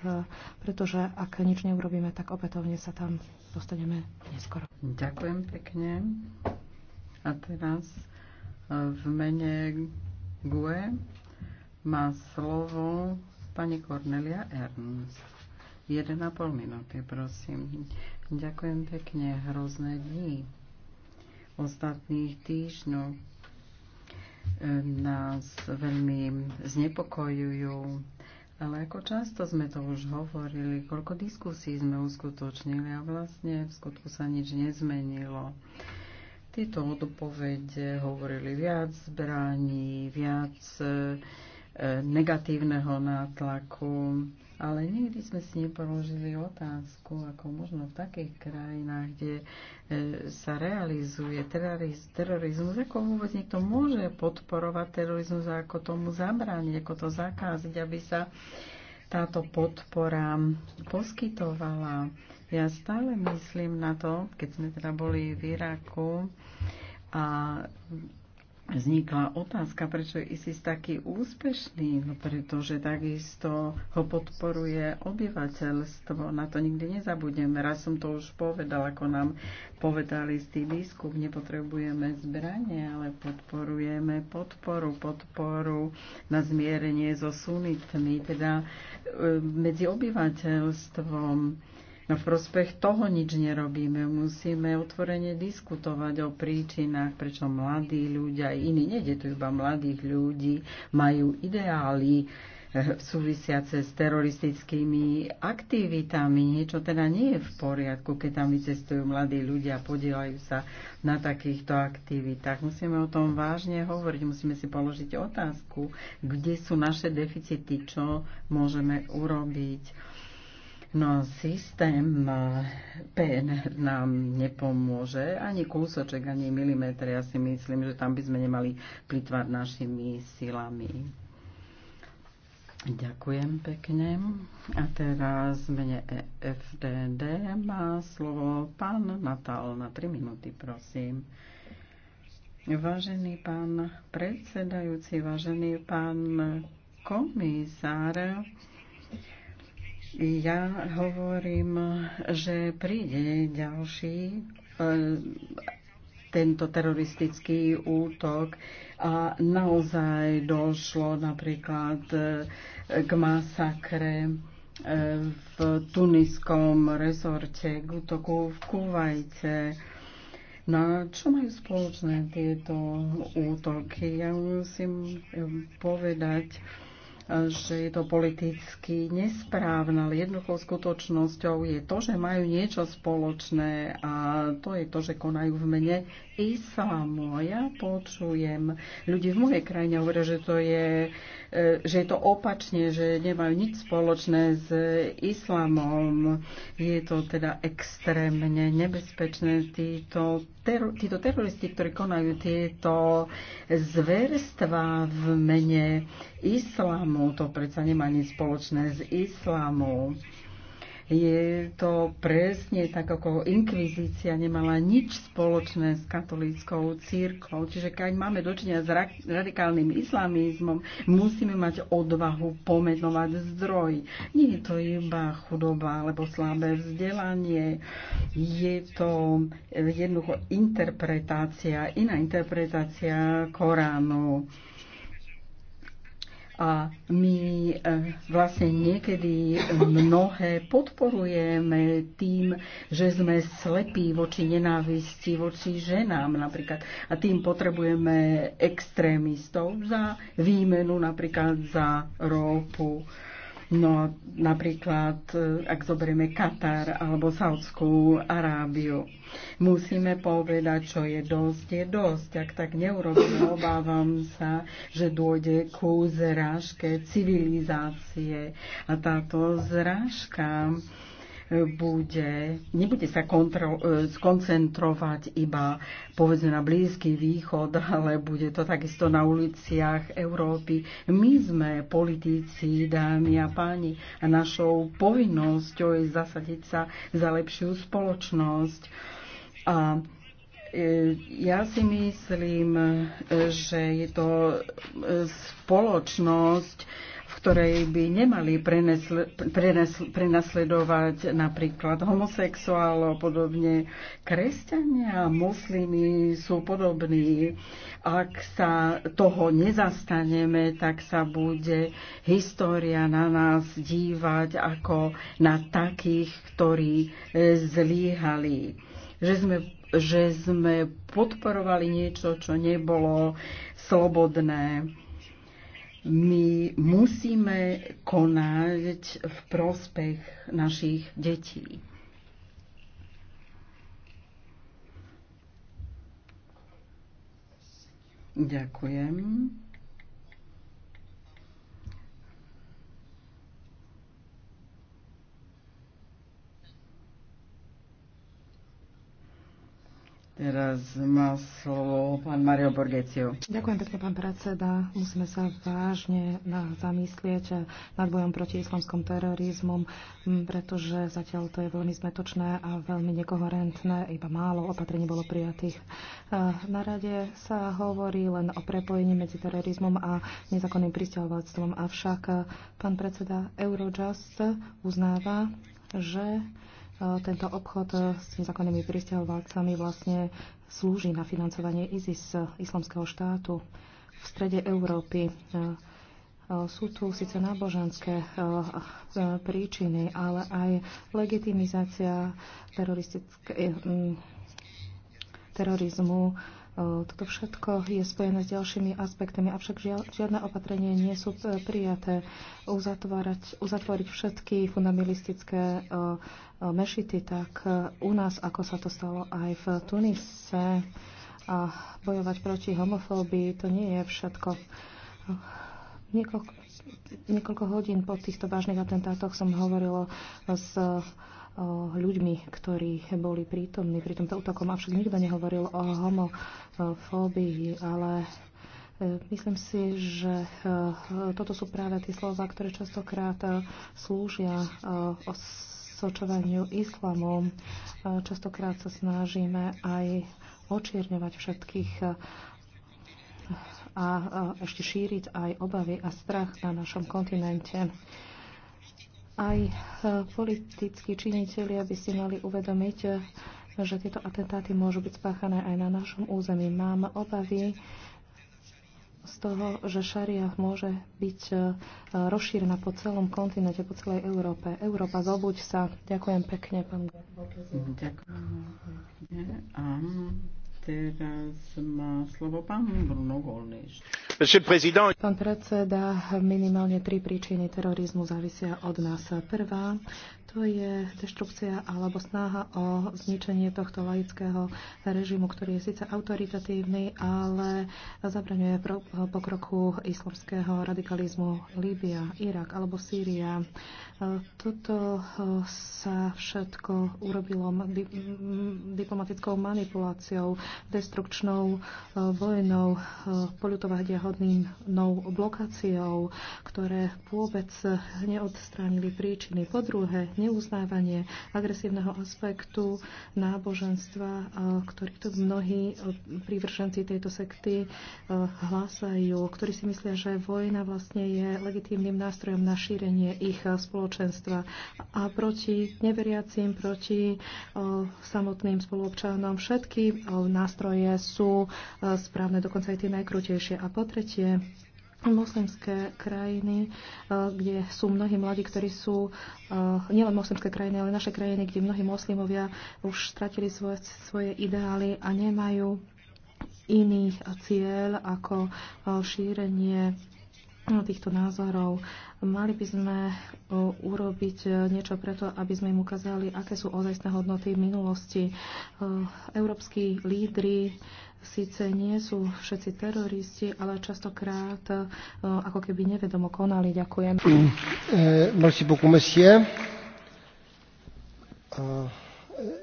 pretože ak nič neurobíme, tak opätovne sa tam dostaneme neskoro. Ďakujem pekne. A teraz e, v mene GUE má slovo pani Cornelia Ernst. 1,5 minúty, prosím. Ďakujem pekne. Hrozné dni ostatných týždňov e, nás veľmi znepokojujú ale ako často sme to už hovorili, koľko diskusí sme uskutočnili a vlastne v skutku sa nič nezmenilo. Tieto odpovede hovorili viac zbraní, viac e, negatívneho nátlaku. Ale nikdy sme si nepoložili otázku, ako možno v takých krajinách, kde e, sa realizuje teroriz, terorizmus, ako vôbec niekto môže podporovať terorizmus a ako tomu zabrániť, ako to zakáziť, aby sa táto podpora poskytovala. Ja stále myslím na to, keď sme teda boli v Iraku a vznikla otázka, prečo je ISIS taký úspešný, no pretože takisto ho podporuje obyvateľstvo. Na to nikdy nezabudneme. Raz som to už povedal, ako nám z tých výskup. Nepotrebujeme zbranie, ale podporujeme podporu, podporu na zmierenie so sunitmi, teda e, medzi obyvateľstvom No v prospech toho nič nerobíme. Musíme otvorene diskutovať o príčinách, prečo mladí ľudia, iní, nejde tu iba mladých ľudí, majú ideály eh, súvisiace s teroristickými aktivitami. Niečo teda nie je v poriadku, keď tam vycestujú mladí ľudia a podielajú sa na takýchto aktivitách. Musíme o tom vážne hovoriť, musíme si položiť otázku, kde sú naše deficity, čo môžeme urobiť No systém eh, PNR nám nepomôže ani kúsoček, ani milimetre. Ja si myslím, že tam by sme nemali plitvať našimi silami. Ďakujem pekne. A teraz mene e FDD má slovo pán Natal na 3 minúty, prosím. Vážený pán predsedajúci, vážený pán komisár, ja hovorím, že príde ďalší eh, tento teroristický útok a naozaj došlo napríklad eh, k masakre eh, v tuniskom rezorte, k útoku v Kuvajte. No čo majú spoločné tieto útoky? Ja musím povedať, že je to politicky nesprávne, ale jednoduchou skutočnosťou je to, že majú niečo spoločné a to je to, že konajú v mene islámu. A ja počujem, ľudí v mojej krajine hovoria, že to je, e, že je to opačne, že nemajú nič spoločné s islámom. Je to teda extrémne nebezpečné. Títo teror, títo teroristi, ktorí konajú tieto zverstva v mene islámu, to predsa nemá nič spoločné s islámom. Je to presne tak, ako inkvizícia nemala nič spoločné s katolíckou církvou. Čiže keď máme dočenia s radikálnym islamizmom, musíme mať odvahu pomenovať zdroj. Nie je to iba chudoba alebo slabé vzdelanie. Je to jednoducho interpretácia, iná interpretácia Koránu a my e, vlastne niekedy mnohé podporujeme tým, že sme slepí voči nenávisti, voči ženám napríklad. A tým potrebujeme extrémistov za výmenu napríklad za ropu No napríklad, e, ak zoberieme Katar alebo Saudskú Arábiu, musíme povedať, čo je dosť, je dosť. Ak tak neurobíme, obávam sa, že dôjde ku zrážke civilizácie. A táto zrážka bude, nebude sa kontro, e, skoncentrovať iba povedzme na Blízky východ, [LAUGHS] ale bude to takisto na uliciach Európy. My sme politici, dámy a páni, a našou povinnosťou je zasadiť sa za lepšiu spoločnosť. A e, ja si myslím, e, že je to spoločnosť, ktorej by nemali prenesl, prenesl, prenasledovať napríklad homosexuálov a podobne. Kresťania a muslimy sú podobní. Ak sa toho nezastaneme, tak sa bude história na nás dívať ako na takých, ktorí e, zlíhali. Že sme že sme podporovali niečo, čo nebolo slobodné. My musíme konať v prospech našich detí. Ďakujem. Teraz má slovo pán Mario Borgecio. Ďakujem pekne, pán predseda. Musíme sa vážne zamyslieť nad bojom proti islamskom terorizmu, pretože zatiaľ to je veľmi zmetočné a veľmi nekoherentné. Iba málo opatrení bolo prijatých. Na rade sa hovorí len o prepojení medzi terorizmom a nezákonným pristahovalstvom. Avšak pán predseda Eurojust uznáva, že Eh, tento obchod eh, s nezákonnými pristahovalcami vlastne slúži na financovanie ISIS, eh, islamského štátu v strede Európy. Sú tu síce náboženské príčiny, ale aj legitimizácia mm, terorizmu E, toto všetko je spojené s ďalšími aspektami, avšak žiadne opatrenie nie sú e, prijaté. Uzatvárať, uzatvoriť všetky fundamentalistické e, mešity, tak u nás, ako sa to stalo aj v Tunise, a bojovať proti homofóbii, to nie je všetko. Niekoľko, niekoľko hodín po týchto vážnych atentátoch som hovorila s ľuďmi, ktorí boli prítomní pri tomto útokom. Avšak nikto nehovoril o homofóbii, ale e, Myslím si, že e, toto sú práve tie slova, ktoré častokrát e, slúžia osočovaniu islamu. Častokrát sa snažíme aj očierňovať všetkých a ešte šíriť aj obavy a strach na našom kontinente aj eh, politickí činiteľi, aby si mali uvedomiť, eh, že tieto atentáty môžu byť spáchané aj na našom území. Mám obavy z toho, že šaria môže byť eh, rozšírená po celom kontinente, po celej Európe. Európa, zobuď sa. Ďakujem pekne, pán Ďakujem. Pán predseda, minimálne tri príčiny terorizmu závisia od nás. Prvá to je deštrukcia alebo snaha o zničenie tohto laického režimu, ktorý je síce autoritatívny, ale zabraňuje pokroku islamského radikalizmu Líbia, Irak alebo Sýria. E, Toto e, sa všetko urobilo diplomatickou manipuláciou, destrukčnou e, vojnou, polutovahdiahodným blokáciou, ktoré vôbec neodstránili príčiny. Po druhé, neuznávanie agresívneho aspektu náboženstva, ktorý tu mnohí e, prívrženci tejto sekty e, hlásajú, ktorí si myslia, že vojna vlastne je legitímnym nástrojom na šírenie ich e, spoločenstva a proti neveriacím, proti samotným spoluobčanom všetky nástroje sú správne, dokonca aj tie najkrutejšie. A po tretie, moslimské krajiny, e, kde sú mnohí mladí, ktorí sú e, nielen moslimské krajiny, ale naše krajiny, kde mnohí moslimovia už stratili svoje, svoje ideály a nemajú iný cieľ ako e, šírenie týchto názorov. Mali by sme urobiť niečo preto, aby sme im ukázali, aké sú ozajstné hodnoty v minulosti. Európsky lídry síce nie sú všetci teroristi, ale častokrát e, ako keby nevedomo konali. Ďakujem. Mm, e, merci beaucoup, monsieur. E,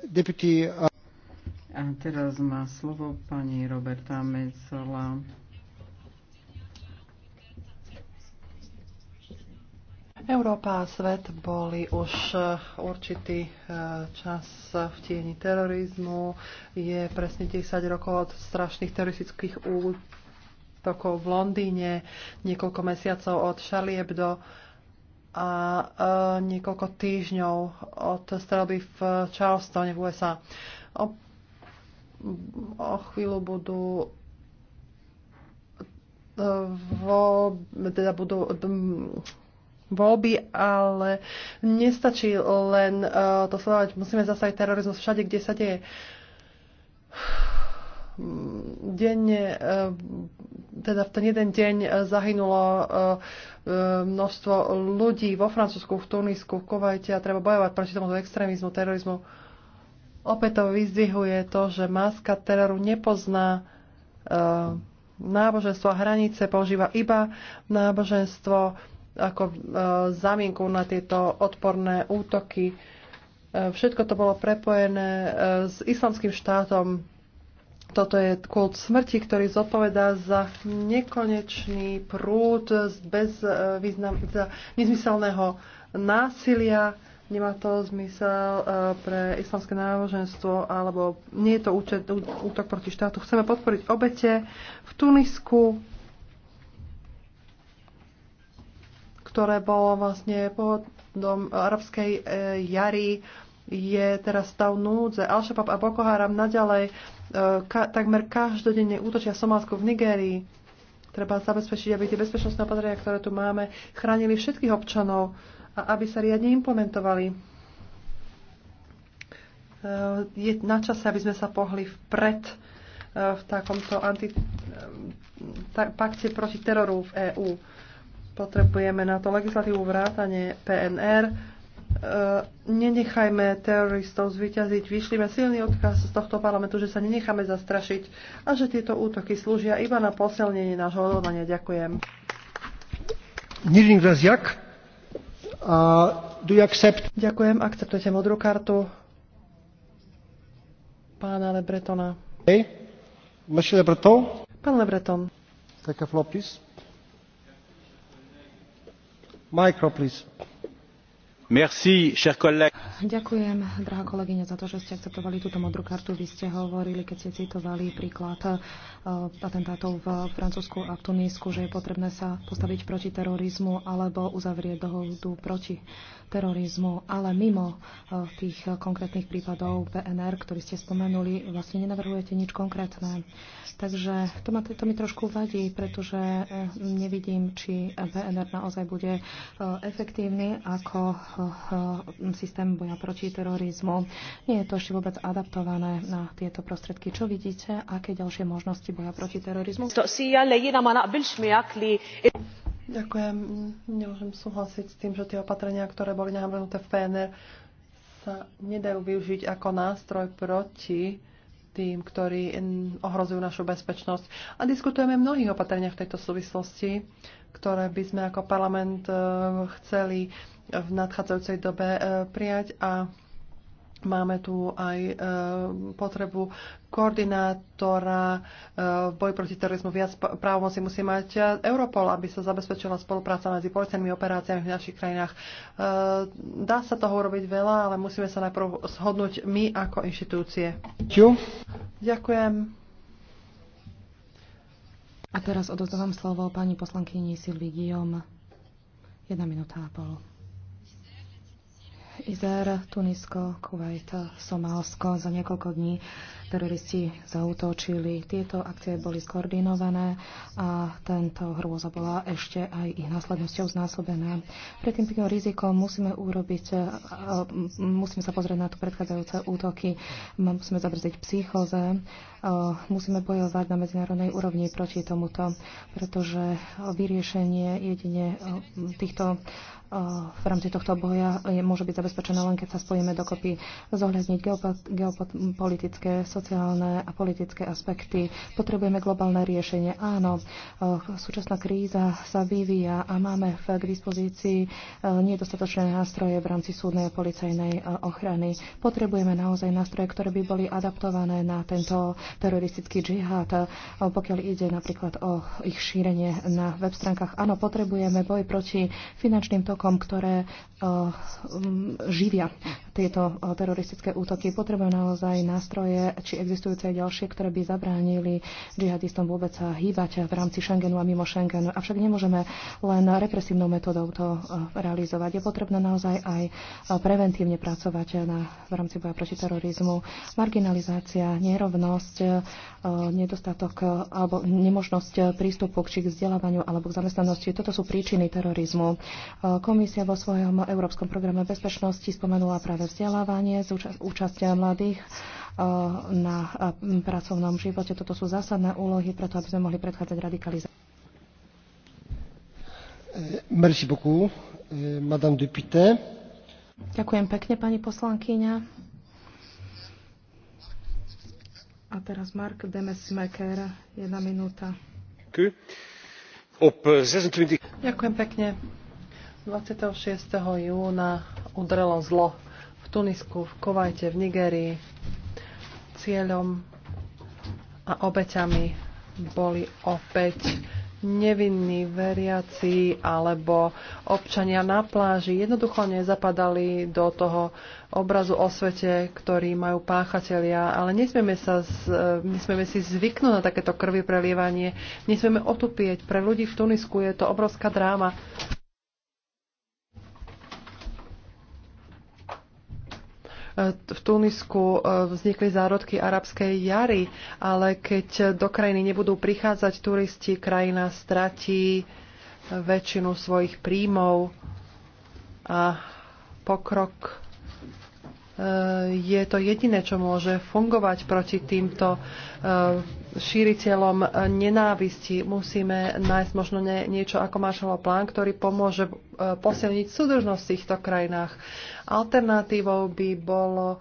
deputy... A teraz má slovo pani Roberta Mecola. Európa a svet boli už eh, určitý eh, čas v tieni terorizmu. Je presne 10 rokov od strašných teroristických útokov v Londýne, niekoľko mesiacov od Charlie Hebdo a eh, niekoľko týždňov od strelby v Charlestone v USA. O, o chvíľu budú vo, teda budú hm, voľby, ale nestačí len uh, to sledovať. Musíme zasať terorizmus všade, kde sa deje. [SIGHS] Denne, uh, teda v ten jeden deň eh, zahynulo uh, množstvo ľudí vo Francúzsku, v Tunisku, v Kovajte a treba bojovať proti tomuto extrémizmu, terorizmu. Opäť to vyzdvihuje to, že maska teroru nepozná uh, náboženstvo a hranice, používa iba náboženstvo ako e, zamienku na tieto odporné útoky. E, všetko to bolo prepojené e, s islamským štátom. Toto je kult smrti, ktorý zodpovedá za nekonečný prúd bez význam, za nezmyselného násilia. Nemá to zmysel pre islamské náboženstvo, alebo nie je to útok proti štátu. Chceme podporiť obete v Tunisku, ktoré bolo vlastne pôvodom arabskej e, jary, je teraz stav núdze. Al-Shabaab a Boko Haram naďalej e, ka- takmer každodenne útočia Somálsku v Nigérii. Treba zabezpečiť, aby tie bezpečnostné opatrenia, ktoré tu máme, chránili všetkých občanov a aby sa riadne implementovali. E, je na čase, aby sme sa pohli vpred v takomto anti, ta, pakte proti teroru v EÚ. Potrebujeme na to legislatívu vrátanie PNR. E, nenechajme teroristov zvyťaziť. Vyšlime silný odkaz z tohto parlamentu, že sa nenecháme zastrašiť a že tieto útoky slúžia iba na posilnenie nášho odhodlania. Ďakujem. Ďakujem. Akceptujete modrú kartu pána Lebretona. Hey, Monsieur Lebreton. Pán Lebreton. Take a please. Micro, please. Merci, cher collègue. Ďakujem, drahá kolegyňa, za to, že ste akceptovali túto modrú kartu. Vy ste hovorili, keď ste citovali príklad e, atentátov v Francúzsku a v Tunísku, že je potrebné sa postaviť proti terorizmu alebo uzavrieť dohodu proti terorizmu. Ale mimo e, tých konkrétnych prípadov PNR, ktorý ste spomenuli, vlastne nenavrhujete nič konkrétne. Takže to, ma, to mi trošku vadí, pretože e, nevidím, či PNR naozaj bude efektívny ako ako eh, systém boja proti terorizmu. Nie je to ešte vôbec adaptované na tieto prostriedky. Čo vidíte? Aké ďalšie možnosti boja proti terorizmu? Ďakujem. Nemôžem súhlasiť s tým, že tie opatrenia, ktoré boli navrhnuté v PNR, sa nedajú využiť ako nástroj proti tým, ktorí ohrozujú našu bezpečnosť. A diskutujeme o mnohých opatreniach v tejto súvislosti, ktoré by sme ako parlament eh, chceli v nadchádzajúcej dobe eh, prijať a Máme tu aj e, potrebu koordinátora e, v boji proti terorizmu. Viac právomocí musí mať e, Europol, aby sa zabezpečila spolupráca medzi policajnými operáciami v našich krajinách. E, dá sa toho urobiť veľa, ale musíme sa najprv shodnúť my ako inštitúcie. Ďakujem. A teraz odozdávam slovo pani poslankyni Silvi Guillaume. Jedna minúta a pol. Izer, Tunisko, Kuwait, Somálsko. Za niekoľko dní teroristi zautočili. Tieto akcie boli skoordinované a tento hrôza bola ešte aj ich následnosťou znásobená. Pred týmto rizikom musíme urobiť, musíme sa pozrieť na tu predchádzajúce útoky, musíme zabrziť psychoze, musíme bojovať na medzinárodnej úrovni proti tomuto, pretože vyriešenie jedine týchto v rámci tohto boja môže byť zabezpečené len keď sa spojíme dokopy zohľadniť geopolitické, sociálne a politické aspekty. Potrebujeme globálne riešenie. Áno, e, súčasná kríza sa vyvíja a máme k dispozícii e, nedostatočné nástroje v rámci súdnej a policajnej e, ochrany. Potrebujeme naozaj nástroje, ktoré by boli adaptované na tento teroristický džihad, pokiaľ ide napríklad o ich šírenie na web stránkach. Áno, potrebujeme boj proti finančným tokom celkom, ktoré eh, mm, živia tieto eh, teroristické útoky. Potrebujú naozaj nástroje, či existujúce ďalšie, ktoré by zabránili džihadistom vôbec sa hýbať v rámci Schengenu a mimo Schengenu. Avšak nemôžeme len represívnou metodou to eh, realizovať. Je potrebné naozaj aj preventívne pracovať na, v rámci boja proti terorizmu. Marginalizácia, nerovnosť, nedostatok alebo nemožnosť prístupu či k vzdelávaniu alebo k zamestnanosti. Toto sú príčiny terorizmu. Komisia vo svojom Európskom programe bezpečnosti spomenula práve vzdelávanie, účasť mladých eh, na eh, pracovnom živote. Toto sú zásadné úlohy, preto aby sme mohli predchádzať radikalizáciu. Eh, merci beaucoup, madame Dupité. Ďakujem pekne, pani poslankyňa. A teraz Mark Demesmaker, jedna minúta. Ďakujem pekne 26. júna udrelo zlo v Tunisku, v Kovajte, v Nigerii. Cieľom a obeťami boli opäť nevinní veriaci alebo občania na pláži. Jednoducho nezapadali do toho obrazu o svete, ktorý majú páchatelia, ale nesmieme, sa z, e, nesmieme si zvyknúť na takéto krvi prelievanie, nesmieme otupieť. Pre ľudí v Tunisku je to obrovská dráma. v Tunisku e, vznikli zárodky arabskej jary, ale keď do krajiny nebudú prichádzať turisti, krajina stratí e, väčšinu svojich príjmov a pokrok Eh, je to jediné, čo môže fungovať proti týmto eh, šíriteľom nenávisti. Musíme nájsť možno niečo ako Marshallov plán, ktorý pomôže eh, posilniť súdržnosť v týchto krajinách. Alternatívou by bolo,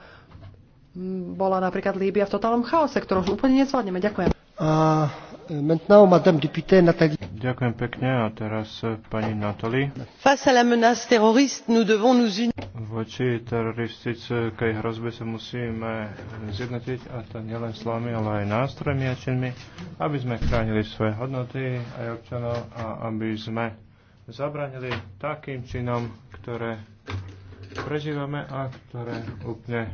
mm, bola napríklad Líbia v totálnom chaose, ktorú už úplne nezvládneme. Ďakujem. Uh... Ďakujem pekne a teraz eh, pani Face à la menace terroriste, nous devons nous unir. Voči teroristickej hrozbe sa musíme eh, zjednotiť a to nielen slovami, ale aj nástrojmi a činmi, aby sme chránili svoje hodnoty aj občanov a aby sme zabranili takým činom, ktoré prežívame a ktoré úplne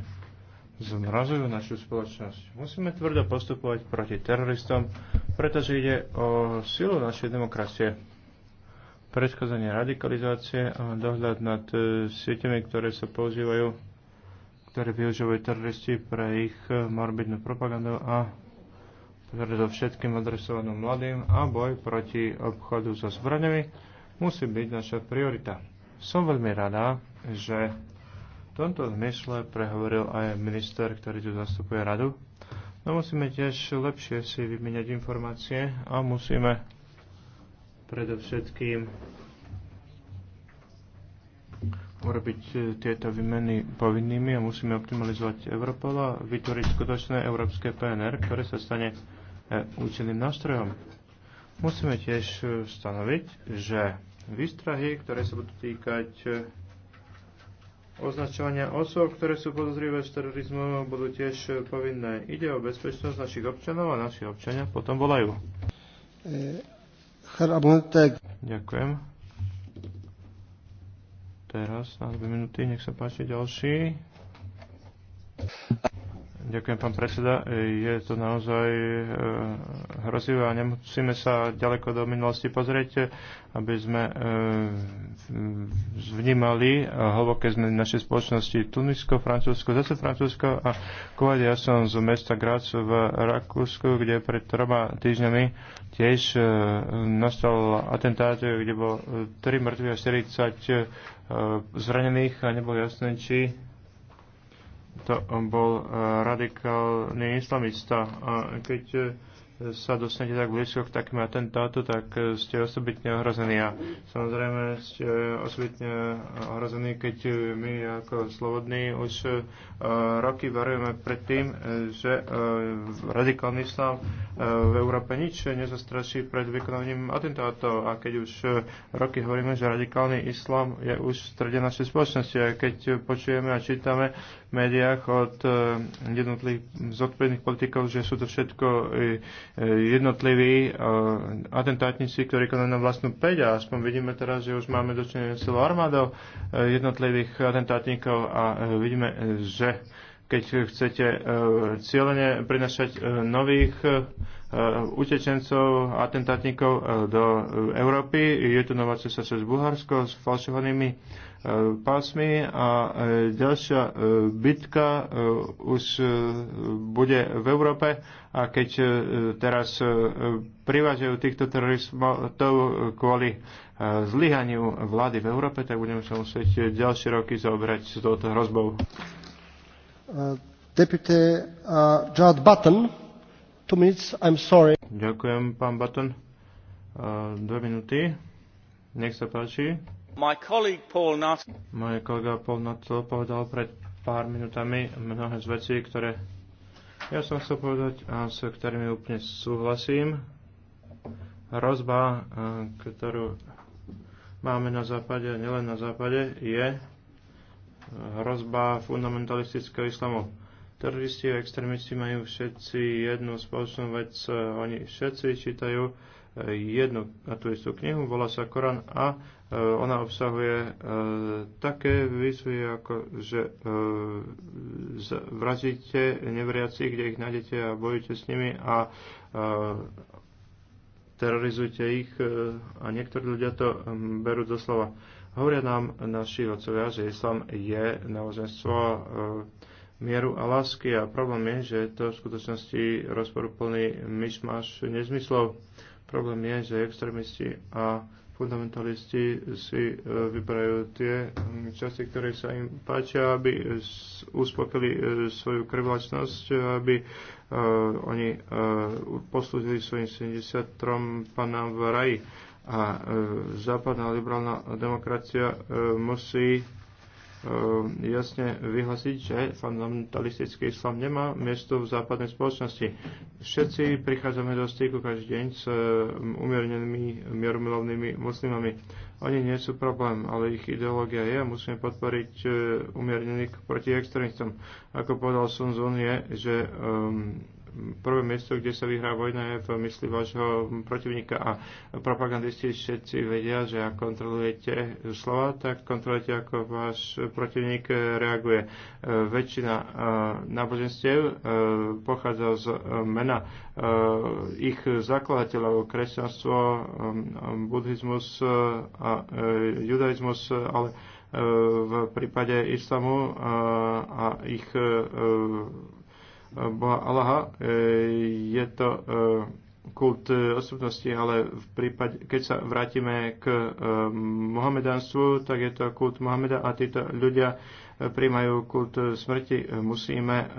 zmrazujú našu spoločnosť. Musíme tvrdo postupovať proti teroristom, pretože ide o silu našej demokracie. Predchádzanie radikalizácie a dohľad nad e, sieťami, ktoré sa používajú, ktoré využívajú teroristi pre ich e, morbidnú propagandu a predovšetkým adresovanú mladým a boj proti obchodu so zbraniami musí byť naša priorita. Som veľmi rada, že v tomto zmysle prehovoril aj minister, ktorý tu zastupuje radu. No musíme tiež lepšie si vymeniať informácie a musíme predovšetkým urobiť e, tieto výmeny povinnými a musíme optimalizovať Europol a vytvoriť skutočné európske PNR, ktoré sa stane e, účinným nástrojom. Musíme tiež e, stanoviť, že výstrahy, ktoré sa budú týkať označovania osôb, ktoré sú podozrivé z terorizmu, budú tiež e, povinné. Ide o bezpečnosť našich občanov a naši občania potom volajú. Ďakujem. Teraz na dve minúty, nech sa páči ďalší. Ďakujem, pán predseda. Je to naozaj e, hrozivé a nemusíme sa ďaleko do minulosti pozrieť, aby sme e, vnímali hlboké zmeny našej spoločnosti Tunisko, Francúzsko, zase Francúzsko a kovať ja som z mesta Graz v Rakúsku, kde pred troma týždňami tiež e, nastal atentát, kde bolo 3 mŕtvi a 40 zranených a nebolo jasné, či to bol e, radikálny islamista. A keď e, sa dostanete tak blízko k takým atentátu, tak e, ste osobitne ohrození. A samozrejme ste osobitne ohrození, keď my ako slobodní už roky varujeme pred tým, že radikálny islam v Európe nič nezastraší pred vykonaním atentátov. A keď už roky hovoríme, že radikálny islam je už v strede našej spoločnosti, a keď počujeme a čítame médiách od e, jednotlivých zodpovedných politikov, že sú to všetko e, e, jednotliví atentátnici, ktorí konajú na vlastnú peď a aspoň vidíme teraz, že už máme dočinenie celou armádou jednotlivých atentátnikov a vidíme, že keď chcete uh, cieľene prinašať nových utečencov, atentátnikov do Európy. Je tu nová cesta cez Bulharsko s falšovanými pásmy a e, ďalšia e, bitka e, už bude v Európe a keď teraz privážajú týchto teroristov kvôli zlyhaniu vlády v Európe, tak budeme sa musieť ďalšie roky zaoberať s touto hrozbou. Deputy uh, Jared Button, two minutes, I'm sorry. Ďakujem, pán Button. Uh, dve minúty. Nech sa páči. Môj kolega Paul Nato povedal pred pár minutami mnohé z vecí, ktoré ja som chcel povedať a s ktorými úplne súhlasím. Hrozba, ktorú máme na západe, nielen na západe, je hrozba fundamentalistického islamu. Teroristi a extrémisti majú všetci jednu spoločnú vec, oni všetci čítajú jednu a tú istú knihu, volá sa Korán a e, ona obsahuje e, také výzvy, ako že e, vrazíte nevriacich, kde ich nájdete a bojujete s nimi a terorizujte ich a niektorí ľudia to berú doslova. Hovoria nám naši otcovia, že islam je náboženstvo mieru a lásky a problém je, že je to v skutočnosti rozporuplný myšmaš nezmyslov Problém je, že extrémisti a fundamentalisti si e, vyberajú tie časti, ktoré sa im páčia, aby uspokojili e, svoju krvlačnosť, aby e, oni poslúžili svojim 73 panám v raji. A západná liberálna demokracia musí E, jasne vyhlasiť, že fundamentalistický islám nemá miesto v západnej spoločnosti. Všetci prichádzame do styku každý deň s umiernenými, mieromilovnými muslimami. Oni nie sú problém, ale ich ideológia je a musíme podporiť e, umiernených proti extrémistom. Ako povedal Sun Zun je, že um, prvé miesto, kde sa vyhrá vojna, je v mysli vášho protivníka a propagandisti všetci vedia, že ak kontrolujete slova, tak kontrolujete, ako váš protivník reaguje. Väčšina eh, náboženstiev eh, pochádza z mena eh, ich zakladateľov, kresťanstvo, buddhizmus a judaizmus, ale v prípade islamu a ich boha Allaha. E, je to e, kult e, osobnosti, ale v prípade, keď sa vrátime k Mohamedanstvu, tak je to kult Mohameda a títo ľudia príjmajú kult smrti. Musíme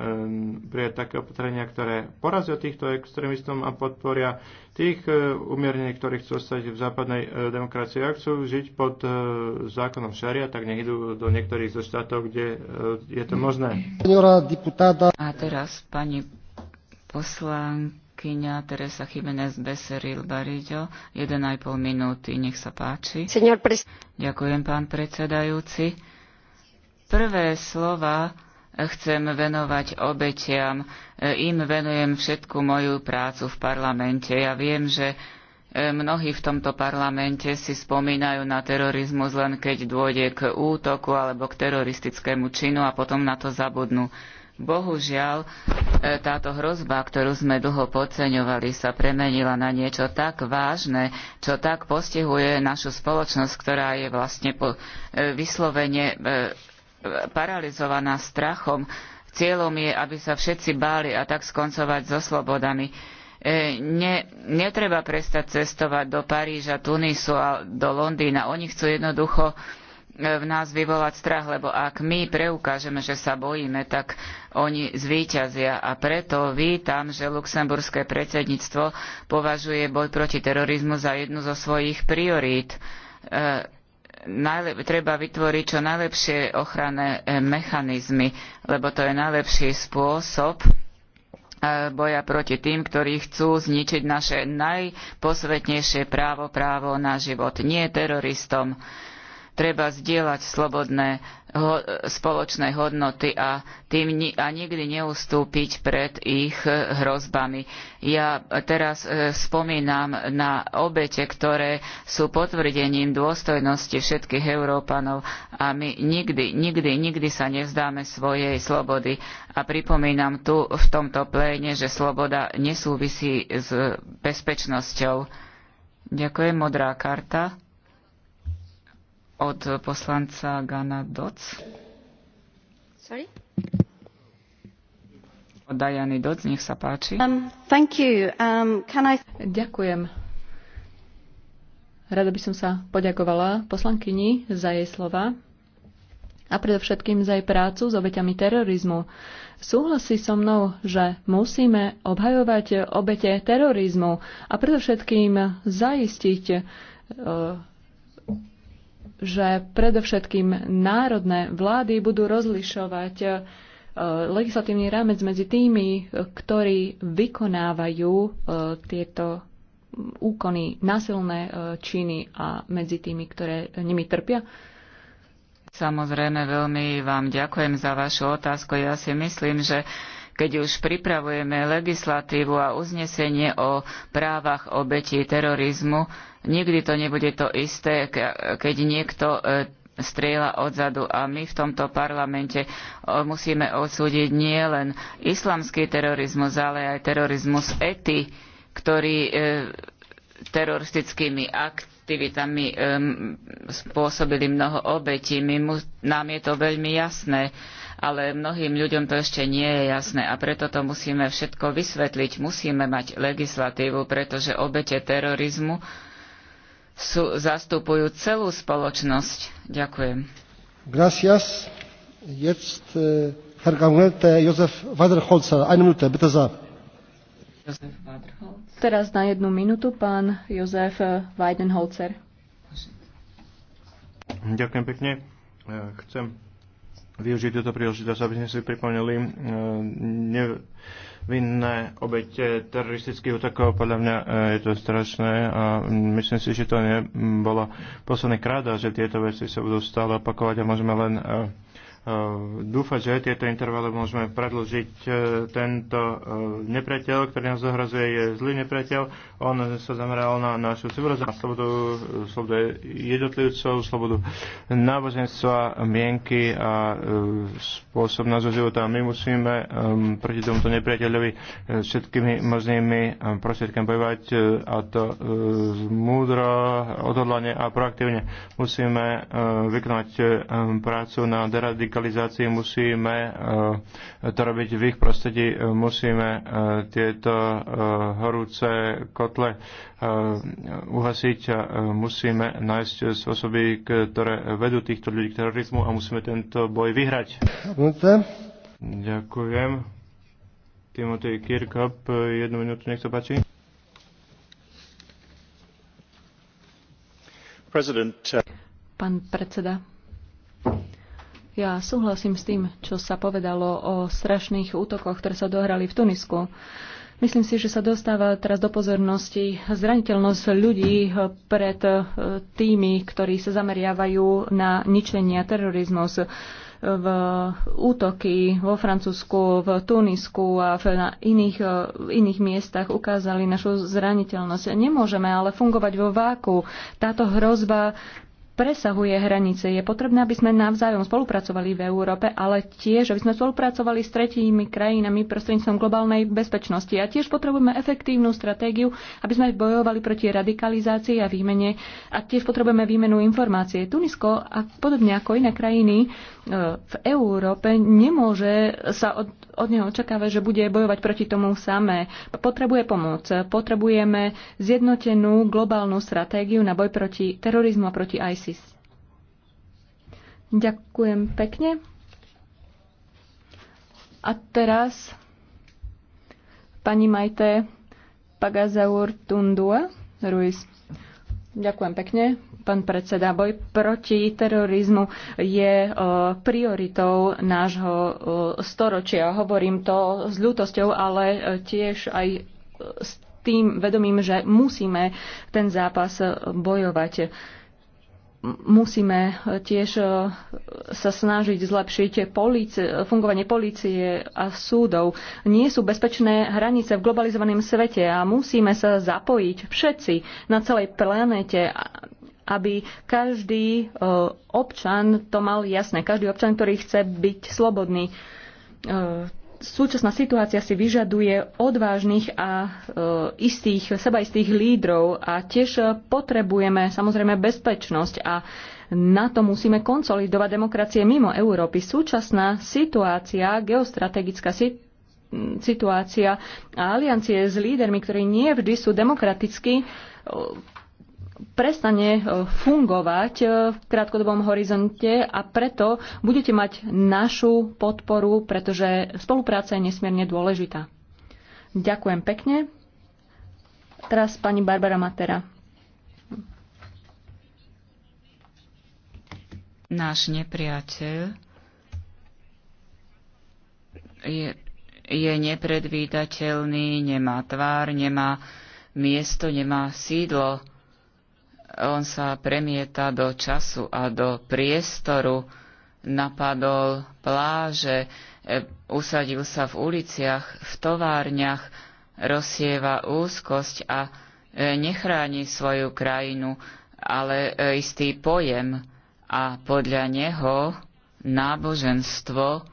prijať také opatrenia, ktoré porazia týchto extrémistom a podporia tých eh, umiernených, ktorí chcú stať v západnej eh, demokracii a chcú žiť pod eh, zákonom šaria, tak nech idú do niektorých zo štátov, kde je to možné. A teraz pani poslankyňa Teresa Jiménez Beseril Barillo, 1,5 minúty, nech sa páči. Ďakujem, pán predsedajúci. Prvé slova chcem venovať obetiam. Im venujem všetku moju prácu v parlamente. Ja viem, že e, mnohí v tomto parlamente si spomínajú na terorizmus len keď dôjde k útoku alebo k teroristickému činu a potom na to zabudnú. Bohužiaľ, e, táto hrozba, ktorú sme dlho podceňovali, sa premenila na niečo tak vážne, čo tak postihuje našu spoločnosť, ktorá je vlastne po, e, vyslovene paralizovaná strachom. Cieľom je, aby sa všetci báli a tak skoncovať so slobodami. E, ne, netreba prestať cestovať do Paríža, Tunisu a do Londýna. Oni chcú jednoducho e, v nás vyvolať strach, lebo ak my preukážeme, že sa bojíme, tak oni zvíťazia. A preto vítam, že luxemburské predsedníctvo považuje boj proti terorizmu za jednu zo svojich priorít e, treba vytvoriť čo najlepšie ochranné e, mechanizmy, lebo to je najlepší spôsob e, boja proti tým, ktorí chcú zničiť naše najposvetnejšie právo, právo na život. Nie teroristom, Treba zdieľať slobodné ho, spoločné hodnoty a, tým ni, a nikdy neustúpiť pred ich hrozbami. Ja teraz e, spomínam na obete, ktoré sú potvrdením dôstojnosti všetkých Európanov a my nikdy, nikdy, nikdy sa nevzdáme svojej slobody. A pripomínam tu v tomto pléne, že sloboda nesúvisí s bezpečnosťou. Ďakujem, modrá karta od poslanca Gana Doc. Sorry? Od Diany Doc, nech sa páči. Um, thank you. Um, can I... Ďakujem. Rada by som sa poďakovala poslankyni za jej slova a predovšetkým za jej prácu s obeťami terorizmu. Súhlasí so mnou, že musíme obhajovať obete terorizmu a predovšetkým zaistiť e, že predovšetkým národné vlády budú rozlišovať e, legislatívny rámec medzi tými, ktorí vykonávajú e, tieto úkony, násilné e, činy a medzi tými, ktoré nimi trpia? Samozrejme, veľmi vám ďakujem za vašu otázku. Ja si myslím, že keď už pripravujeme legislatívu a uznesenie o právach obetí terorizmu, Nikdy to nebude to isté, keď niekto e, strieľa odzadu a my v tomto parlamente e, musíme odsúdiť nielen islamský terorizmus, ale aj terorizmus ety, ktorý e, teroristickými aktivitami spôsobili mnoho obetí. My mu, nám je to veľmi jasné, ale mnohým ľuďom to ešte nie je jasné a preto to musíme všetko vysvetliť. Musíme mať legislatívu, pretože obete terorizmu sú, zastupujú celú spoločnosť. Ďakujem. Gracias. Jetzt eh, Herr Gamunete Josef Waderholzer. Eine Minute, bitte za. Teraz na jednu minútu pán Jozef eh, Weidenholzer. Ďakujem pekne. Eh, chcem využiť túto príležitosť, aby sme si pripomenuli ne, vinné obete teroristických útokov. Podľa mňa e, je to strašné a myslím si, že to nebolo posledný krát a že tieto veci sa budú stále opakovať a môžeme len e, Ehm, dúfať, že tieto intervaly môžeme predlžiť. E, tento e, nepriateľ, ktorý nás zohrazuje, je zlý nepriateľ. On sa zameral na našu civilizáciu, slobodu, e, slobodu jednotlivcov, slobodu náboženstva, mienky a spôsob nášho života. My musíme ehm, proti tomuto nepriateľovi všetkými možnými prostriedkami bojovať a to múdro, odhodlane a proaktívne. Musíme vykonať prácu na deradik radikalizácii, musíme eh, to robiť v ich prostredí, eh, musíme eh, tieto horúce kotle uhasiť a musíme nájsť spôsoby, ktoré vedú týchto ľudí k terorizmu a musíme tento boj vyhrať. Ďakujem. Timothy Kirkop, jednu minútu, nech sa páči. Pán predseda, ja súhlasím s tým, čo sa povedalo o strašných útokoch, ktoré sa dohrali v Tunisku. Myslím si, že sa dostáva teraz do pozornosti zraniteľnosť ľudí pred e, tými, ktorí sa zameriavajú na ničenie a terorizmus e, v útoky vo Francúzsku, v Tunisku a v, na iných, v e, iných miestach ukázali našu zraniteľnosť. Nemôžeme ale fungovať vo váku. Táto hrozba presahuje hranice. Je potrebné, aby sme navzájom spolupracovali v Európe, ale tiež, aby sme spolupracovali s tretími krajinami prostredníctvom globálnej bezpečnosti. A tiež potrebujeme efektívnu stratégiu, aby sme bojovali proti radikalizácii a výmene. A tiež potrebujeme výmenu informácie. Tunisko, a podobne ako iné krajiny e, v Európe, nemôže sa od od neho očakáva, že bude bojovať proti tomu samé. Potrebuje pomoc. Potrebujeme zjednotenú globálnu stratégiu na boj proti terorizmu a proti ISIS. Ďakujem pekne. A teraz pani Majte Pagazaur Tundua Ruiz. Ďakujem pekne, pán predseda. Boj proti terorizmu je e, prioritou nášho e, storočia. Hovorím to s ľútosťou, ale e, tiež aj s tým vedomím, že musíme ten zápas bojovať musíme tiež sa snažiť zlepšiť polície, fungovanie polície a súdov. Nie sú bezpečné hranice v globalizovanom svete a musíme sa zapojiť všetci na celej planéte aby každý e, občan to mal jasné. Každý občan, ktorý chce byť slobodný. E, súčasná situácia si vyžaduje odvážnych a e, istých, sebaistých lídrov a tiež potrebujeme samozrejme bezpečnosť a na to musíme konsolidovať demokracie mimo Európy. Súčasná situácia, geostrategická situácia, situácia a aliancie s lídermi, ktorí nie vždy sú demokraticky, prestane e, fungovať e, v krátkodobom horizonte a preto budete mať našu podporu, pretože spolupráca je nesmierne dôležitá. Ďakujem pekne. Teraz pani Barbara Matera. Náš nepriateľ je, je nepredvídateľný, nemá tvár, nemá miesto, nemá sídlo on sa premieta do času a do priestoru, napadol pláže, e, usadil sa v uliciach, v továrniach, rozsieva úzkosť a e, nechráni svoju krajinu, ale e, istý pojem a podľa neho náboženstvo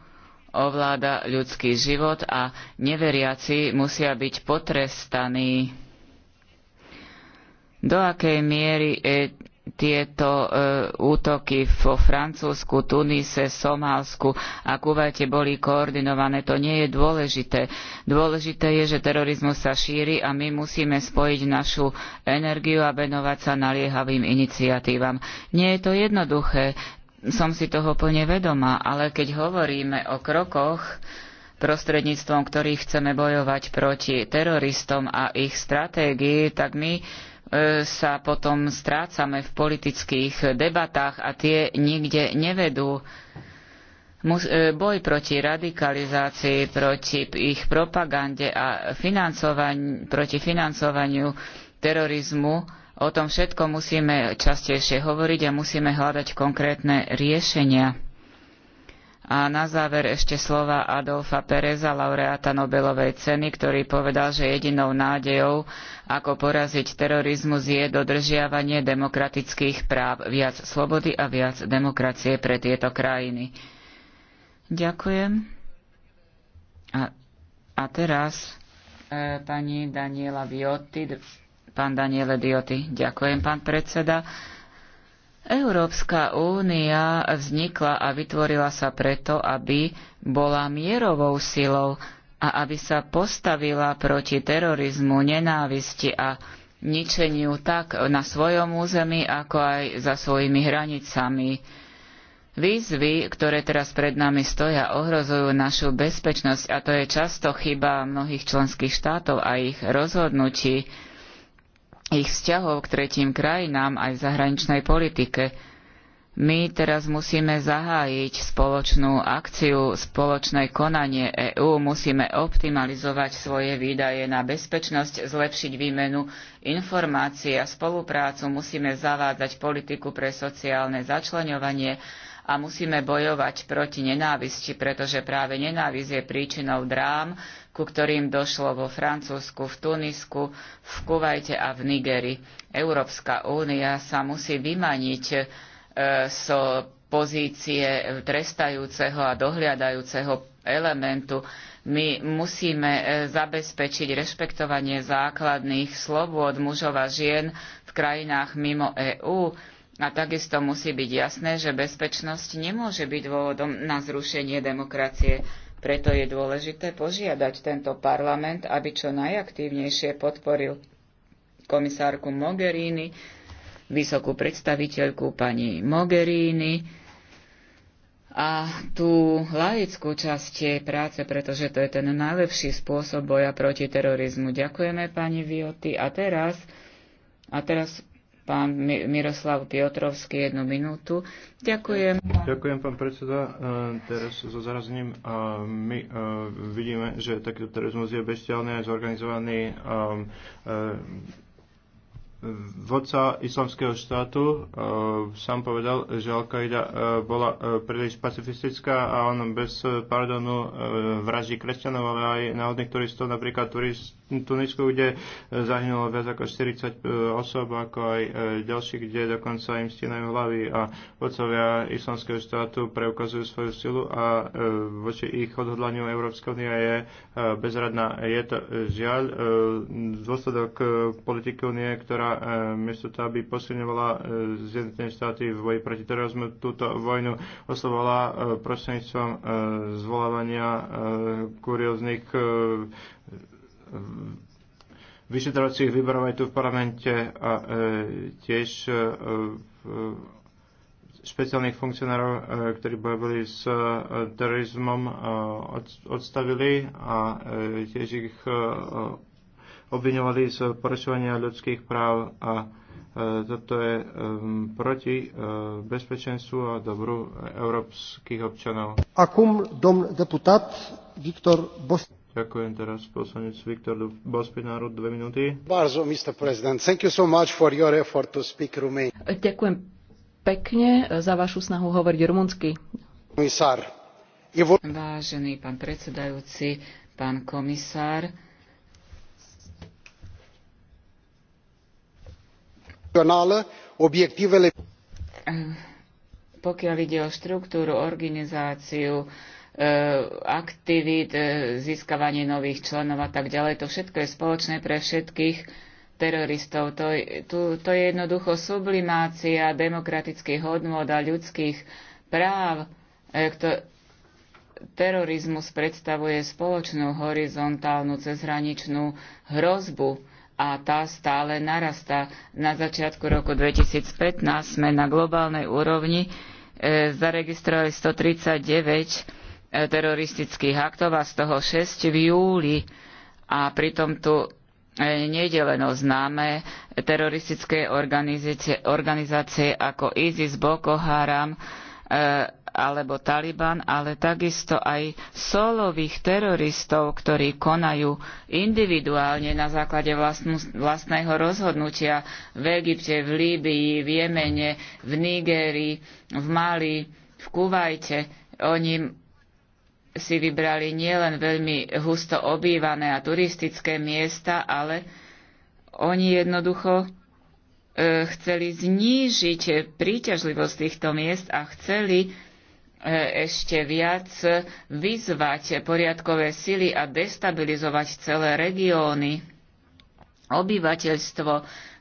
ovláda ľudský život a neveriaci musia byť potrestaní do akej miery e, tieto e, útoky vo Francúzsku, Tunise, Somálsku a Kuvajte boli koordinované. To nie je dôležité. Dôležité je, že terorizmus sa šíri a my musíme spojiť našu energiu a venovať sa naliehavým iniciatívam. Nie je to jednoduché, som si toho plne vedomá, ale keď hovoríme o krokoch, prostredníctvom ktorých chceme bojovať proti teroristom a ich stratégii, tak my E, sa potom strácame v politických debatách a tie nikde nevedú. E, boj proti radikalizácii, proti ich propagande a financovaniu, proti financovaniu terorizmu, o tom všetko musíme častejšie hovoriť a musíme hľadať konkrétne riešenia. A na záver ešte slova Adolfa Pereza, laureáta Nobelovej ceny, ktorý povedal, že jedinou nádejou, ako poraziť terorizmus, je dodržiavanie demokratických práv, viac slobody a viac demokracie pre tieto krajiny. Ďakujem. A, a teraz e, pani Daniela Viotti, pán Daniele Dioty. Ďakujem, pán predseda. Európska únia vznikla a vytvorila sa preto, aby bola mierovou silou a aby sa postavila proti terorizmu, nenávisti a ničeniu tak na svojom území, ako aj za svojimi hranicami. Výzvy, ktoré teraz pred nami stoja, ohrozujú našu bezpečnosť a to je často chyba mnohých členských štátov a ich rozhodnutí, ich vzťahov k tretím krajinám aj v zahraničnej politike. My teraz musíme zahájiť spoločnú akciu, spoločné konanie EÚ, musíme optimalizovať svoje výdaje na bezpečnosť, zlepšiť výmenu informácií a spoluprácu, musíme zavádzať politiku pre sociálne začleňovanie a musíme bojovať proti nenávisti, pretože práve nenávisť je príčinou drám, ku ktorým došlo vo Francúzsku, v Tunisku, v Kuvajte a v Nigeri. Európska únia sa musí vymaniť e, so pozície trestajúceho a dohliadajúceho elementu. My musíme e, zabezpečiť rešpektovanie základných slobôd mužov a žien v krajinách mimo EÚ. A takisto musí byť jasné, že bezpečnosť nemôže byť dôvodom na zrušenie demokracie preto je dôležité požiadať tento parlament, aby čo najaktívnejšie podporil komisárku Mogherini, vysokú predstaviteľku pani Mogherini, a tú laickú časť jej práce, pretože to je ten najlepší spôsob boja proti terorizmu. Ďakujeme pani Vioty a teraz, a teraz Pán Miroslav Piotrovský, jednu minútu. Ďakujem. Ďakujem, pán predseda. E, teraz so zarazením my e, vidíme, že takýto terorizmus je bestiálny a zorganizovaný e, Vodca islamského štátu e, sám povedal, že Al-Qaida e, bola e, príliš pacifistická a on bez pardonu vraždí kresťanov, ale aj náhodných turistov, napríklad turist Tunisku, kde zahynulo viac ako 40 osob, ako aj ďalší, kde dokonca im stínajú hlavy a vodcovia islamského štátu preukazujú svoju silu a voči ich odhodlaniu Európska únia je bezradná. Je to žiaľ dôsledok politiky únie, ktorá E, miesto toho, aby posilňovala e, zjednotené štáty v boji proti terorizmu, túto vojnu e, prostredníctvom e, zvolávania kurióznych vyšetrovacích výborov aj tu v parlamente a tiež špeciálnych funkcionárov, ktorí bojovali s terorizmom, odstavili a tiež ich obviňovali z porušovania ľudských práv a e, toto je proti e, bezpečenstvu a dobru európskych občanov. Akum dom deputát Viktor Bos. Ďakujem teraz poslanec Viktor Bospinaru, dve minúty. Bardzo, Mr. President, thank you so much for your effort to speak Romanian. Ďakujem pekne za vašu snahu hovoriť rumunsky. Komisár. Vážený pán predsedajúci, pán komisár, obiectivele pokiaľ ide o štruktúru, organizáciu, e, aktivít, e, získavanie nových členov a tak ďalej. To všetko je spoločné pre všetkých teroristov. To, to, to je jednoducho sublimácia demokratických hodnôt a ľudských práv. E, kto, terorizmus predstavuje spoločnú horizontálnu cezhraničnú hrozbu a tá stále narastá. Na začiatku roku 2015 sme na globálnej úrovni e, zaregistrovali 139 e, teroristických aktov a z toho 6 v júli. A pritom tu e, nejde len o známe teroristické organizácie, organizácie ako ISIS, Boko Haram, E, alebo Taliban, ale takisto aj solových teroristov, ktorí konajú individuálne na základe vlastnú, vlastného rozhodnutia v Egypte, v Líbii, v Jemene, v Nigérii, v Mali, v Kuvajte. Oni si vybrali nielen veľmi husto obývané a turistické miesta, ale oni jednoducho E, chceli znížiť príťažlivosť týchto miest a chceli e, ešte viac vyzvať poriadkové sily a destabilizovať celé regióny. Obyvateľstvo,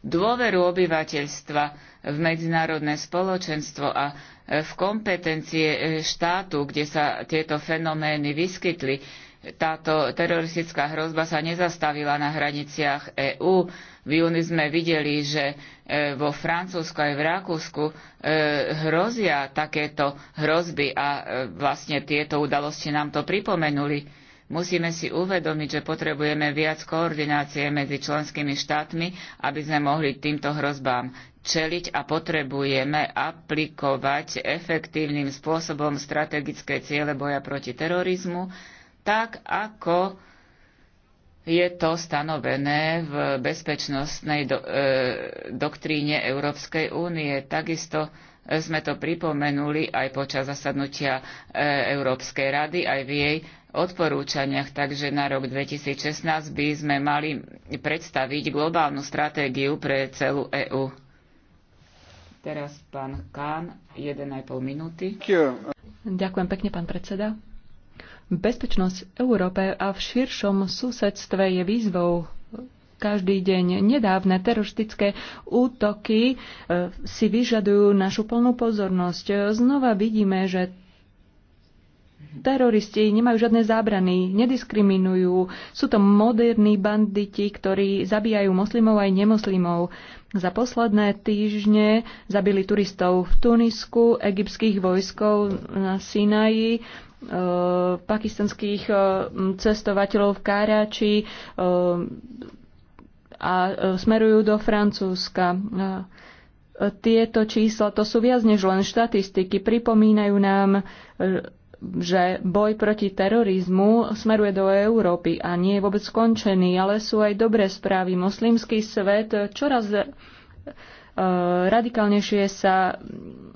dôveru obyvateľstva v medzinárodné spoločenstvo a e, v kompetencie štátu, kde sa tieto fenomény vyskytli táto teroristická hrozba sa nezastavila na hraniciach EÚ. V júni sme videli, že e, vo Francúzsku aj v Rakúsku e, hrozia takéto hrozby a e, vlastne tieto udalosti nám to pripomenuli. Musíme si uvedomiť, že potrebujeme viac koordinácie medzi členskými štátmi, aby sme mohli týmto hrozbám čeliť a potrebujeme aplikovať efektívnym spôsobom strategické ciele boja proti terorizmu, tak ako je to stanovené v bezpečnostnej do, e, doktríne Európskej únie. Takisto sme to pripomenuli aj počas zasadnutia e, Európskej rady, aj v jej odporúčaniach. Takže na rok 2016 by sme mali predstaviť globálnu stratégiu pre celú EÚ. Teraz pán Kán, 1,5 minúty. Ďakujem pekne, pán predseda. Bezpečnosť Európe a v širšom susedstve je výzvou každý deň. Nedávne teroristické útoky e, si vyžadujú našu plnú pozornosť. Znova vidíme, že teroristi nemajú žiadne zábrany, nediskriminujú. Sú to moderní banditi, ktorí zabíjajú moslimov aj nemoslimov. Za posledné týždne zabili turistov v Tunisku, egyptských vojskov na Sinaji, Eh, pakistanských eh, cestovateľov v Kárači eh, a smerujú do Francúzska. Tieto čísla to sú viac než len štatistiky. Pripomínajú nám, že boj proti terorizmu smeruje do Európy a nie je vôbec skončený, ale sú aj dobré správy. Moslimský svet čoraz radikálnejšie sa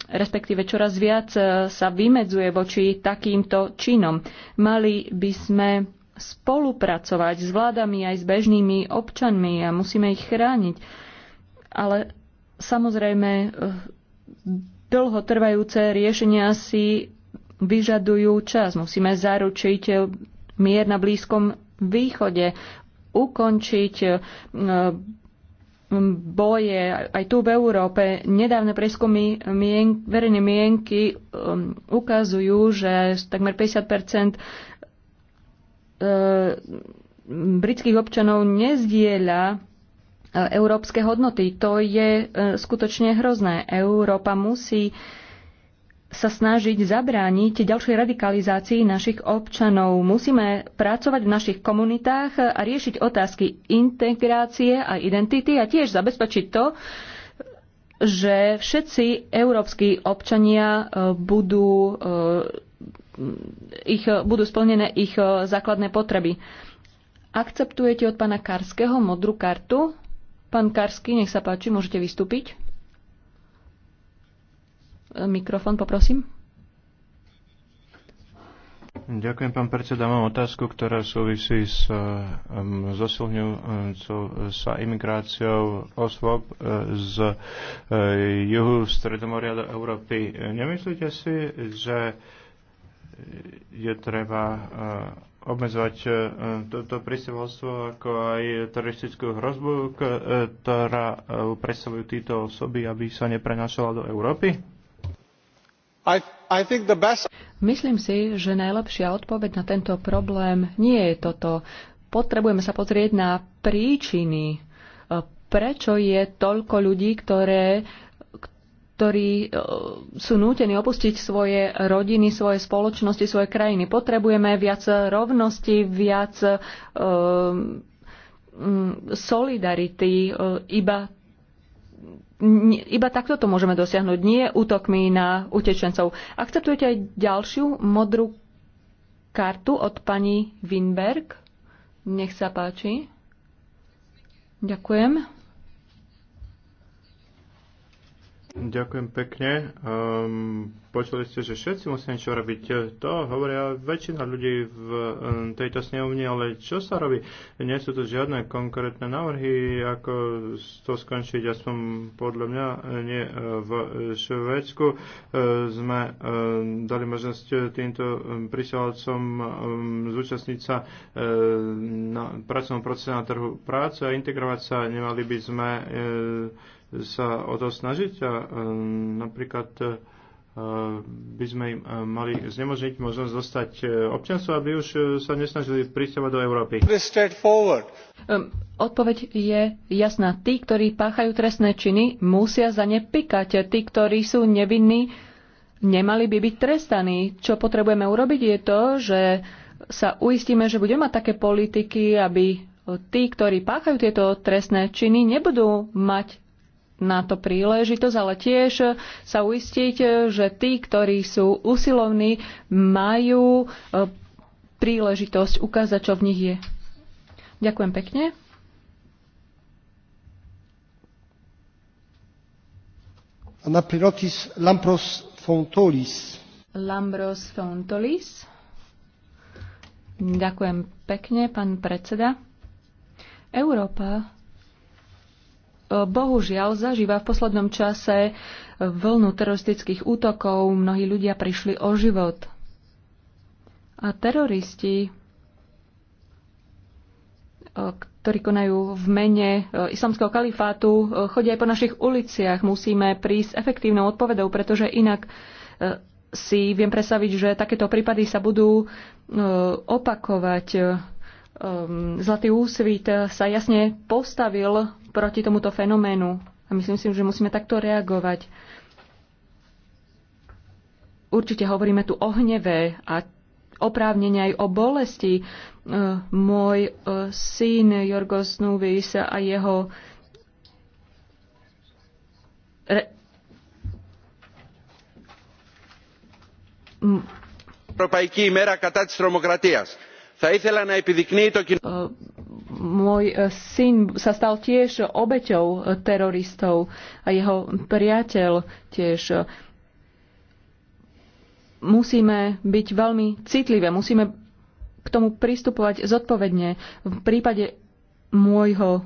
respektíve čoraz viac e, sa vymedzuje voči takýmto činom. Mali by sme spolupracovať s vládami aj s bežnými občanmi a musíme ich chrániť. Ale samozrejme e, dlhotrvajúce riešenia si vyžadujú čas. Musíme zaručiť e, mier na Blízkom východe, ukončiť boje aj tu v Európe. Nedávne preskumy mien, verejnej mienky um, ukazujú, že takmer 50 uh, britských občanov nezdieľa uh, európske hodnoty. To je uh, skutočne hrozné. Európa musí uh, sa snažiť zabrániť ďalšej radikalizácii našich občanov. Musíme pracovať v našich komunitách a riešiť otázky integrácie a identity a tiež zabezpečiť to, že všetci európsky občania e, budú, e, ich, budú splnené ich e, základné potreby. Akceptujete od pána Karského modrú kartu? Pán Karsky, nech sa páči, môžete vystúpiť. Mikrofón, poprosím. Ďakujem, pán predseda. Mám otázku, ktorá súvisí s um, zosilňujúcou sa imigráciou osôb e, z e, juhu Stredomoria do Európy. Nemyslíte si, že je treba e, obmedzovať toto prisťahovalstvo ako aj teroristickú hrozbu, ktorá predstavujú títo osoby, aby sa neprenášala do Európy? Myslím si, že najlepšia odpoveď na tento problém nie je toto. Potrebujeme sa pozrieť na príčiny, e, prečo je toľko ľudí, ktoré, ktorí e, sú nútení opustiť svoje rodiny, svoje spoločnosti, svoje krajiny. Potrebujeme viac rovnosti, viac um, solidarity. Iba iba takto to môžeme dosiahnuť, nie útokmi na utečencov. Akceptujete aj ďalšiu modrú kartu od pani Winberg? Nech sa páči. Ďakujem. Ďakujem pekne. Um, počuli ste, že všetci musia niečo robiť. To hovoria väčšina ľudí v ehm, tejto snehovni, ale čo sa robí? Nie sú tu žiadne konkrétne návrhy, ako to skončiť, aspoň podľa mňa eh, nie eh, v Švedsku. Eh, sme ehm, dali možnosť týmto prisielacom zúčastniť sa na pracovnom procese na trhu práce a integrovať sa. Nemali by sme sa o to snažiť a e, napríklad e, by sme im e, mali znemožniť možnosť dostať občanstvo, aby už sa nesnažili pristávať do Európy. Odpoveď je jasná. Tí, ktorí páchajú trestné činy, musia za ne pikať. Tí, ktorí sú nevinní, nemali by byť trestaní. Čo potrebujeme urobiť je to, že sa uistíme, že budeme mať také politiky, aby tí, ktorí páchajú tieto trestné činy, nebudú mať na to príležitosť, ale tiež sa uistiť, že tí, ktorí sú usilovní, majú e, príležitosť ukázať, čo v nich je. Ďakujem pekne. Anapirotis Lampros Fontolis. Lambros Fontolis. Ďakujem pekne, pán predseda. Európa bohužiaľ zažíva v poslednom čase vlnu teroristických útokov. Mnohí ľudia prišli o život. A teroristi, e, ktorí konajú v mene e, islamského kalifátu, e, chodia aj po našich uliciach. Musíme prísť efektívnou odpovedou, pretože inak si viem predstaviť, že takéto prípady sa budú opakovať. Zlatý úsvit sa jasne postavil proti tomuto fenoménu. A myslím si, že musíme takto reagovať. Určite hovoríme tu o hneve a oprávnenia aj o bolesti. E, môj e, syn Jorgos Nuvis a jeho re... Európa, κατά της τρομοκρατίας. Θα ήθελα να επιδεικνύει το κοινό môj e, syn sa stal tiež obeťou teroristov a jeho priateľ tiež. Musíme byť veľmi citlivé, musíme k tomu pristupovať zodpovedne. V prípade môjho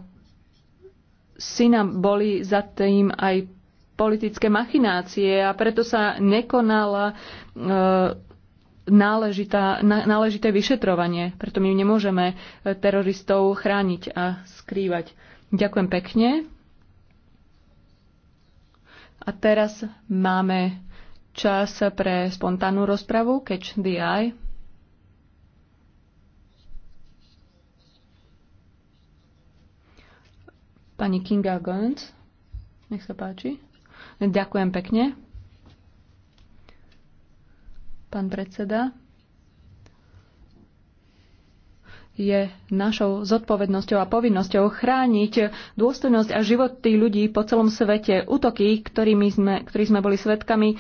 syna boli za tým aj politické machinácie a preto sa nekonala e, náležitá, náležité vyšetrovanie, preto my nemôžeme e, teroristov chrániť a skrývať. Ďakujem pekne. A teraz máme čas pre spontánnu rozpravu, catch the eye. Pani Kinga Gönc, nech sa páči. Ďakujem pekne pán predseda. Je našou zodpovednosťou a povinnosťou chrániť dôstojnosť a životy ľudí po celom svete. Útoky, ktorými sme, ktorých sme boli svetkami,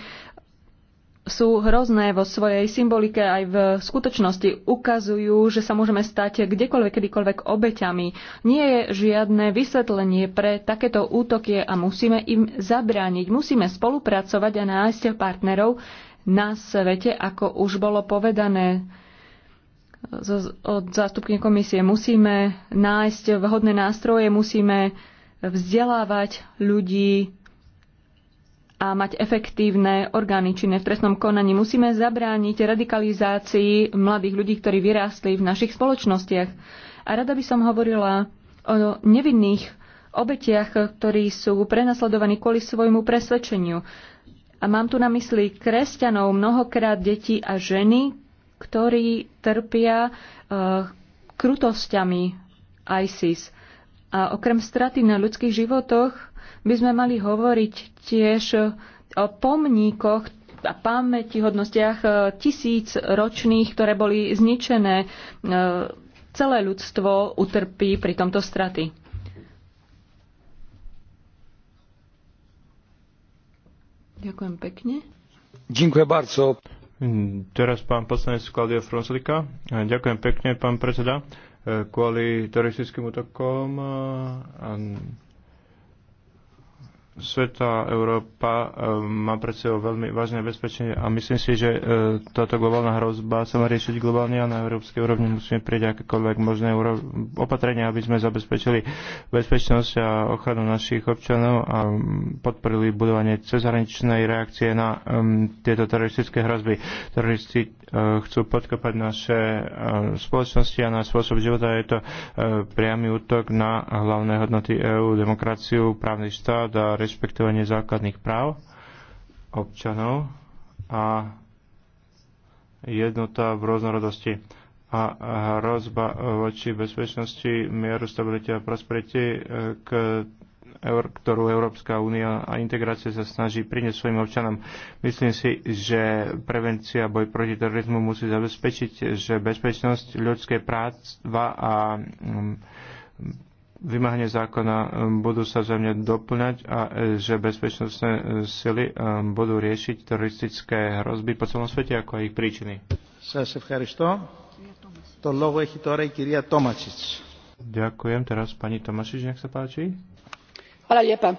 sú hrozné vo svojej symbolike aj v skutočnosti. Ukazujú, že sa môžeme stať kdekoľvek, kedykoľvek obeťami. Nie je žiadne vysvetlenie pre takéto útoky a musíme im zabrániť. Musíme spolupracovať a nájsť partnerov, na svete, ako už bolo povedané od zástupky komisie. Musíme nájsť vhodné nástroje, musíme vzdelávať ľudí a mať efektívne orgány činné v trestnom konaní. Musíme zabrániť radikalizácii mladých ľudí, ktorí vyrástli v našich spoločnostiach. A rada by som hovorila o nevinných obetiach, ktorí sú prenasledovaní kvôli svojmu presvedčeniu. A mám tu na mysli kresťanov, mnohokrát deti a ženy, ktorí trpia uh, eh, krutosťami ISIS. A okrem straty na ľudských životoch by sme mali hovoriť tiež eh, o pomníkoch a pamätihodnostiach eh, tisíc ročných, ktoré boli zničené. Celé ľudstvo utrpí pri tomto straty. Ďakujem pekne. Ďakujem bardzo. Mm, teraz pán poslanec Claudio Fronslika. E, ďakujem pekne, pán predseda. E, kvôli teroristickým útokom e, sveta Európa ehm, má pred sebou veľmi vážne bezpečenie a myslím si, že e, táto globálna hrozba sa má riešiť globálne a na európskej úrovni musíme prieť akékoľvek možné opatrenia, aby sme zabezpečili bezpečnosť a ochranu našich občanov a podporili budovanie cezhraničnej reakcie na ehm, tieto teroristické hrozby. Teroristi e, chcú podkopať naše e, spoločnosti a náš spôsob života. Je to priamy útok na hlavné hodnoty EÚ, demokraciu, právny štát a rešpekt rešpektovanie základných práv občanov a jednota v rôznorodosti a hrozba voči bezpečnosti, mieru, stabilite a prosperite, eh, k, ktorú Európska únia a integrácia sa snaží priniesť svojim občanom. Myslím si, že prevencia boj proti terorizmu musí zabezpečiť, že bezpečnosť ľudské práva a mm, vymáhanie zákona um, budú sa zemne doplňať a e, že bezpečnostné e, sily um, budú riešiť teroristické hrozby po celom svete, ako aj ich príčiny. Ďakujem. Teraz pani Tomašič, nech sa páči. Hvala lijepa.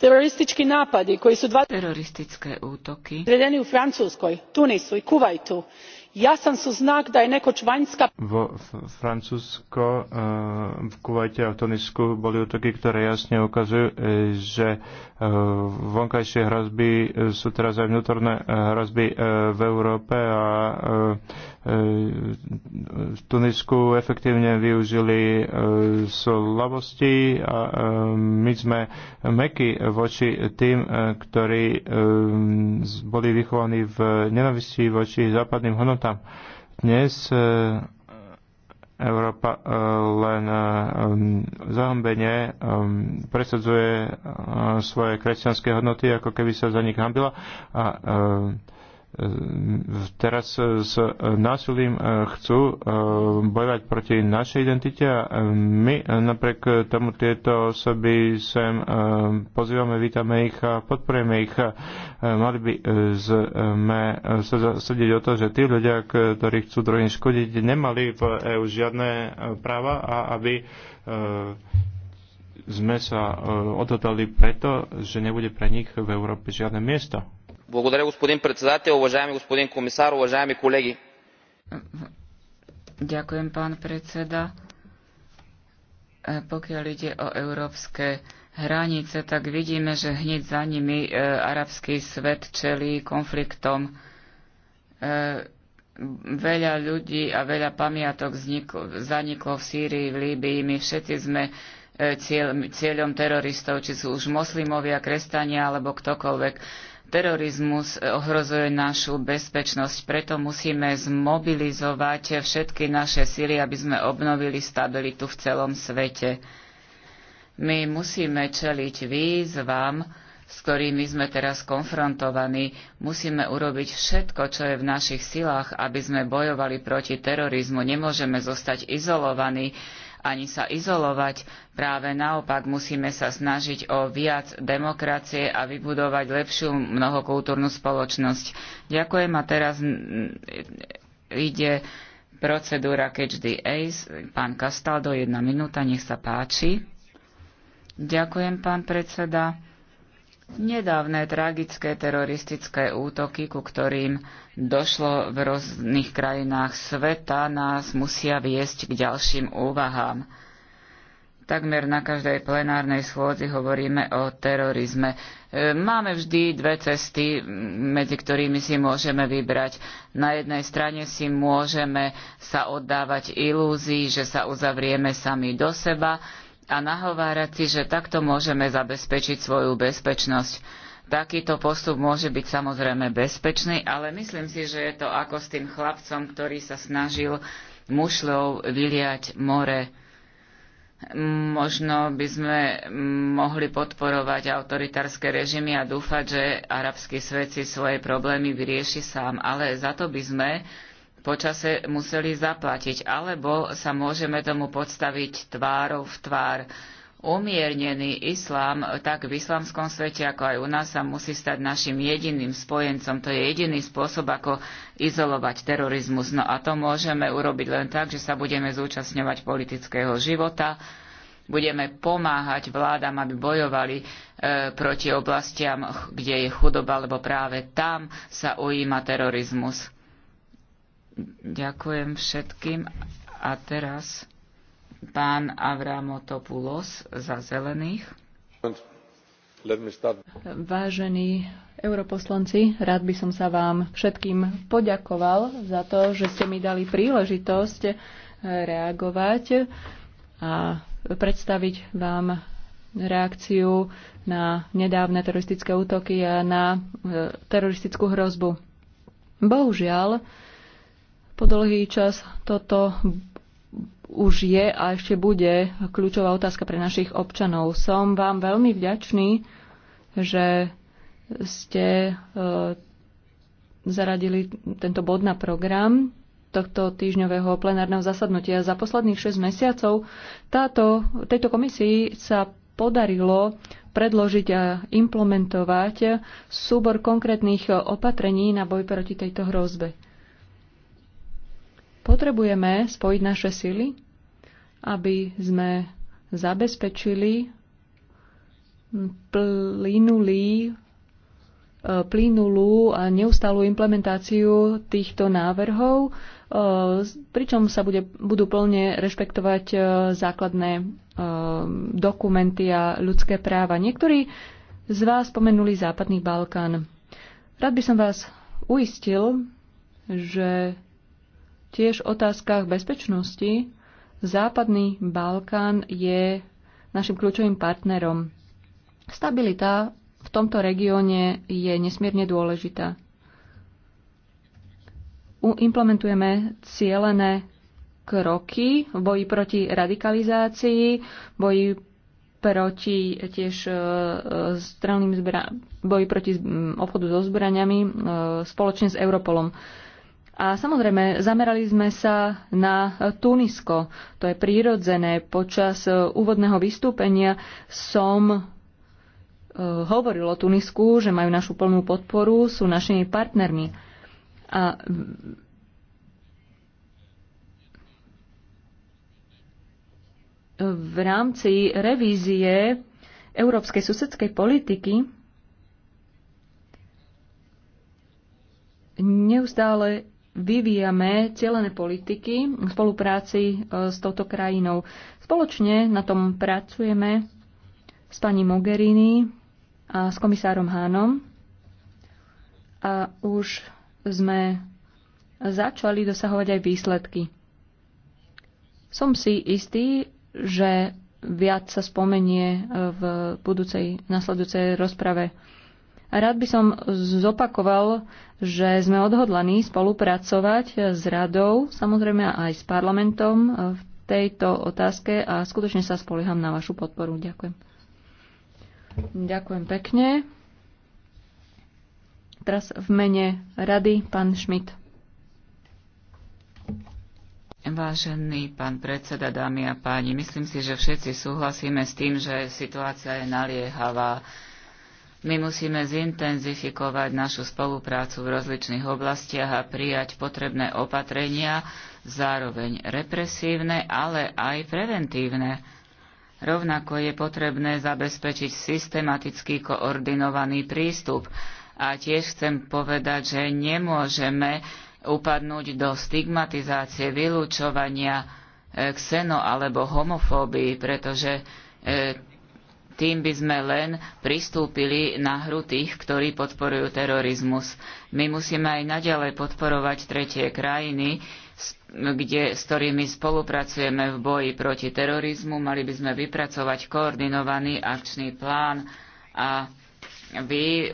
Teroristički napadi koji su dva... teroristické útoky. ...izvedeni u Francuskoj, Tunisu i Kuvajtu jasan su znak da je nekoć vanjska... Vo Francúzsko, e, v Kuvajte a v Tunisku boli útoky, ktoré jasne ukazujú, e, že e, vonkajšie hrozby sú teraz aj vnútorné hrozby v Európe a v Tunisku efektívne využili slabosti a my sme meky voči tým, ktorí boli vychovaní v nenavisti voči západným hodnotám hodnotám. Dnes e, Európa e, len e, zahambenie presadzuje svoje kresťanské hodnoty, ako keby sa za nich hambila. A E, teraz e, s e, násilím chcú bojovať proti našej identite a my napriek tomu tieto osoby sem pozývame, vítame ich a podporujeme ich. Mali by sme sa zasadiť o to, že tí ľudia, ktorí chcú druhým škodiť, nemali v EU žiadne práva a aby sme sa odhodali preto, že nebude pre nich v Európe žiadne miesto. Благодаря, господин председател. Уважаеми господин комисар, уважаеми колеги. Ďakujem, pán predseda. Pokiaľ ide o európske hranice, tak vidíme, že hneď za nimi e, arabský svet čelí konfliktom. E, veľa ľudí a veľa pamiatok vzniklo, zaniklo v Sýrii, v Líbii. My všetci sme e, cieľ, cieľom teroristov, či sú už moslimovia, kresťania alebo ktokoľvek. Terorizmus eh, ohrozuje našu bezpečnosť, preto musíme zmobilizovať všetky naše síly, aby sme obnovili stabilitu v celom svete. My musíme čeliť výzvam, s ktorými sme teraz konfrontovaní. Musíme urobiť všetko, čo je v našich silách, aby sme bojovali proti terorizmu. Nemôžeme zostať izolovaní ani sa izolovať. Práve naopak musíme sa snažiť o viac demokracie a vybudovať lepšiu mnohokultúrnu spoločnosť. Ďakujem a teraz ide procedúra Catch the Ace. Pán Kastaldo, jedna minúta, nech sa páči. Ďakujem, pán predseda. Nedávne tragické teroristické útoky, ku ktorým došlo v rôznych krajinách sveta, nás musia viesť k ďalším úvahám. Takmer na každej plenárnej schôdzi hovoríme o terorizme. E, máme vždy dve cesty, medzi ktorými si môžeme vybrať. Na jednej strane si môžeme sa oddávať ilúzii, že sa uzavrieme sami do seba, a nahovárať si, že takto môžeme zabezpečiť svoju bezpečnosť. Takýto postup môže byť samozrejme bezpečný, ale myslím si, že je to ako s tým chlapcom, ktorý sa snažil mušľou vyliať more. Možno by sme mohli podporovať autoritárske režimy a dúfať, že arabský svet si svoje problémy vyrieši sám, ale za to by sme počase museli zaplatiť, alebo sa môžeme tomu podstaviť tvárov v tvár. Umiernený islám tak v islamskom svete, ako aj u nás, sa musí stať našim jediným spojencom. To je jediný spôsob, ako izolovať terorizmus. No a to môžeme urobiť len tak, že sa budeme zúčastňovať politického života, budeme pomáhať vládam, aby bojovali e, proti oblastiam, kde je chudoba, lebo práve tam sa ujíma terorizmus Ďakujem všetkým. A teraz pán Avramotopoulos za zelených. Vážení europoslanci, rád by som sa vám všetkým poďakoval za to, že ste mi dali príležitosť eh, reagovať a predstaviť vám reakciu na nedávne teroristické útoky a na eh, teroristickú hrozbu. Bohužiaľ, po dlhý čas toto už je a ešte bude kľúčová otázka pre našich občanov. Som vám veľmi vďačný, že ste e, zaradili tento bod na program tohto týždňového plenárneho zasadnutia. Za posledných 6 mesiacov táto, tejto komisii sa podarilo predložiť a implementovať súbor konkrétnych opatrení na boj proti tejto hrozbe. Potrebujeme spojiť naše sily, aby sme zabezpečili plynulý e, plynulú a neustálu implementáciu týchto návrhov, e, pričom sa bude, budú plne rešpektovať e, základné dokumenty a ľudské práva. Niektorí z vás spomenuli Západný Balkán. Rád by som vás uistil, že Tiež v otázkach bezpečnosti Západný Balkán je našim kľúčovým partnerom. Stabilita v tomto regióne je nesmierne dôležitá. Implementujeme cielené kroky v boji proti radikalizácii, boji proti tiež e, e, zbra- boji proti obchodu so zbraniami e, spoločne s Europolom. A samozrejme, zamerali sme sa na Tunisko. To je prírodzené. Počas e, úvodného vystúpenia som e, hovoril o Tunisku, že majú našu plnú podporu, sú našimi partnermi. A v rámci revízie európskej susedskej politiky neustále vyvíjame cieľené politiky v spolupráci e, s touto krajinou. Spoločne na tom pracujeme s pani Mogherini a s komisárom Hánom a už sme začali dosahovať aj výsledky. Som si istý, že viac sa spomenie v budúcej nasledujúcej rozprave. Rád by som zopakoval, že sme odhodlaní spolupracovať s radou, samozrejme aj s parlamentom v tejto otázke a skutočne sa spolieham na vašu podporu. Ďakujem. Ďakujem pekne. Teraz v mene rady pán Šmit. Vážený pán predseda, dámy a páni, myslím si, že všetci súhlasíme s tým, že situácia je naliehavá. My musíme zintenzifikovať našu spoluprácu v rozličných oblastiach a prijať potrebné opatrenia, zároveň represívne, ale aj preventívne. Rovnako je potrebné zabezpečiť systematický koordinovaný prístup. A tiež chcem povedať, že nemôžeme upadnúť do stigmatizácie, vylúčovania, eh, kseno alebo homofóbii, pretože eh, tým by sme len pristúpili na hru tých, ktorí podporujú terorizmus. My musíme aj naďalej podporovať tretie krajiny, kde, s ktorými spolupracujeme v boji proti terorizmu. Mali by sme vypracovať koordinovaný akčný plán a vy,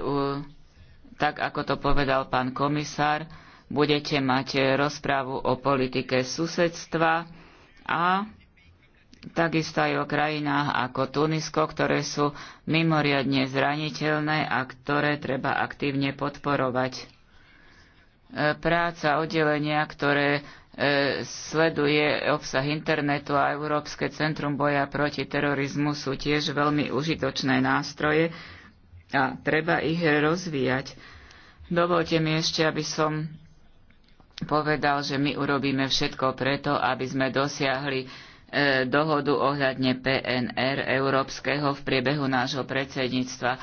tak ako to povedal pán komisár, budete mať rozprávu o politike susedstva a takisto aj o krajinách ako Tunisko, ktoré sú mimoriadne zraniteľné a ktoré treba aktívne podporovať. E, práca oddelenia, ktoré e, sleduje obsah internetu a Európske centrum boja proti terorizmu sú tiež veľmi užitočné nástroje a treba ich rozvíjať. Dovolte mi ešte, aby som povedal, že my urobíme všetko preto, aby sme dosiahli E, dohodu ohľadne PNR európskeho v priebehu nášho predsedníctva.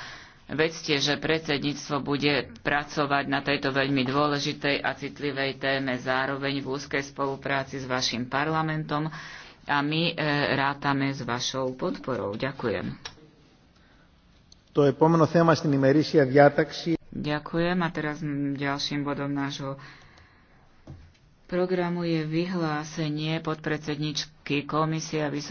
Vedzte, že predsedníctvo bude pracovať na tejto veľmi dôležitej a citlivej téme zároveň v úzkej spolupráci s vašim parlamentom a my e, rátame s vašou podporou. Ďakujem. To je téma Ďakujem a teraz ďalším bodom nášho programu je vyhlásenie podpredsedničky Európsky komisia,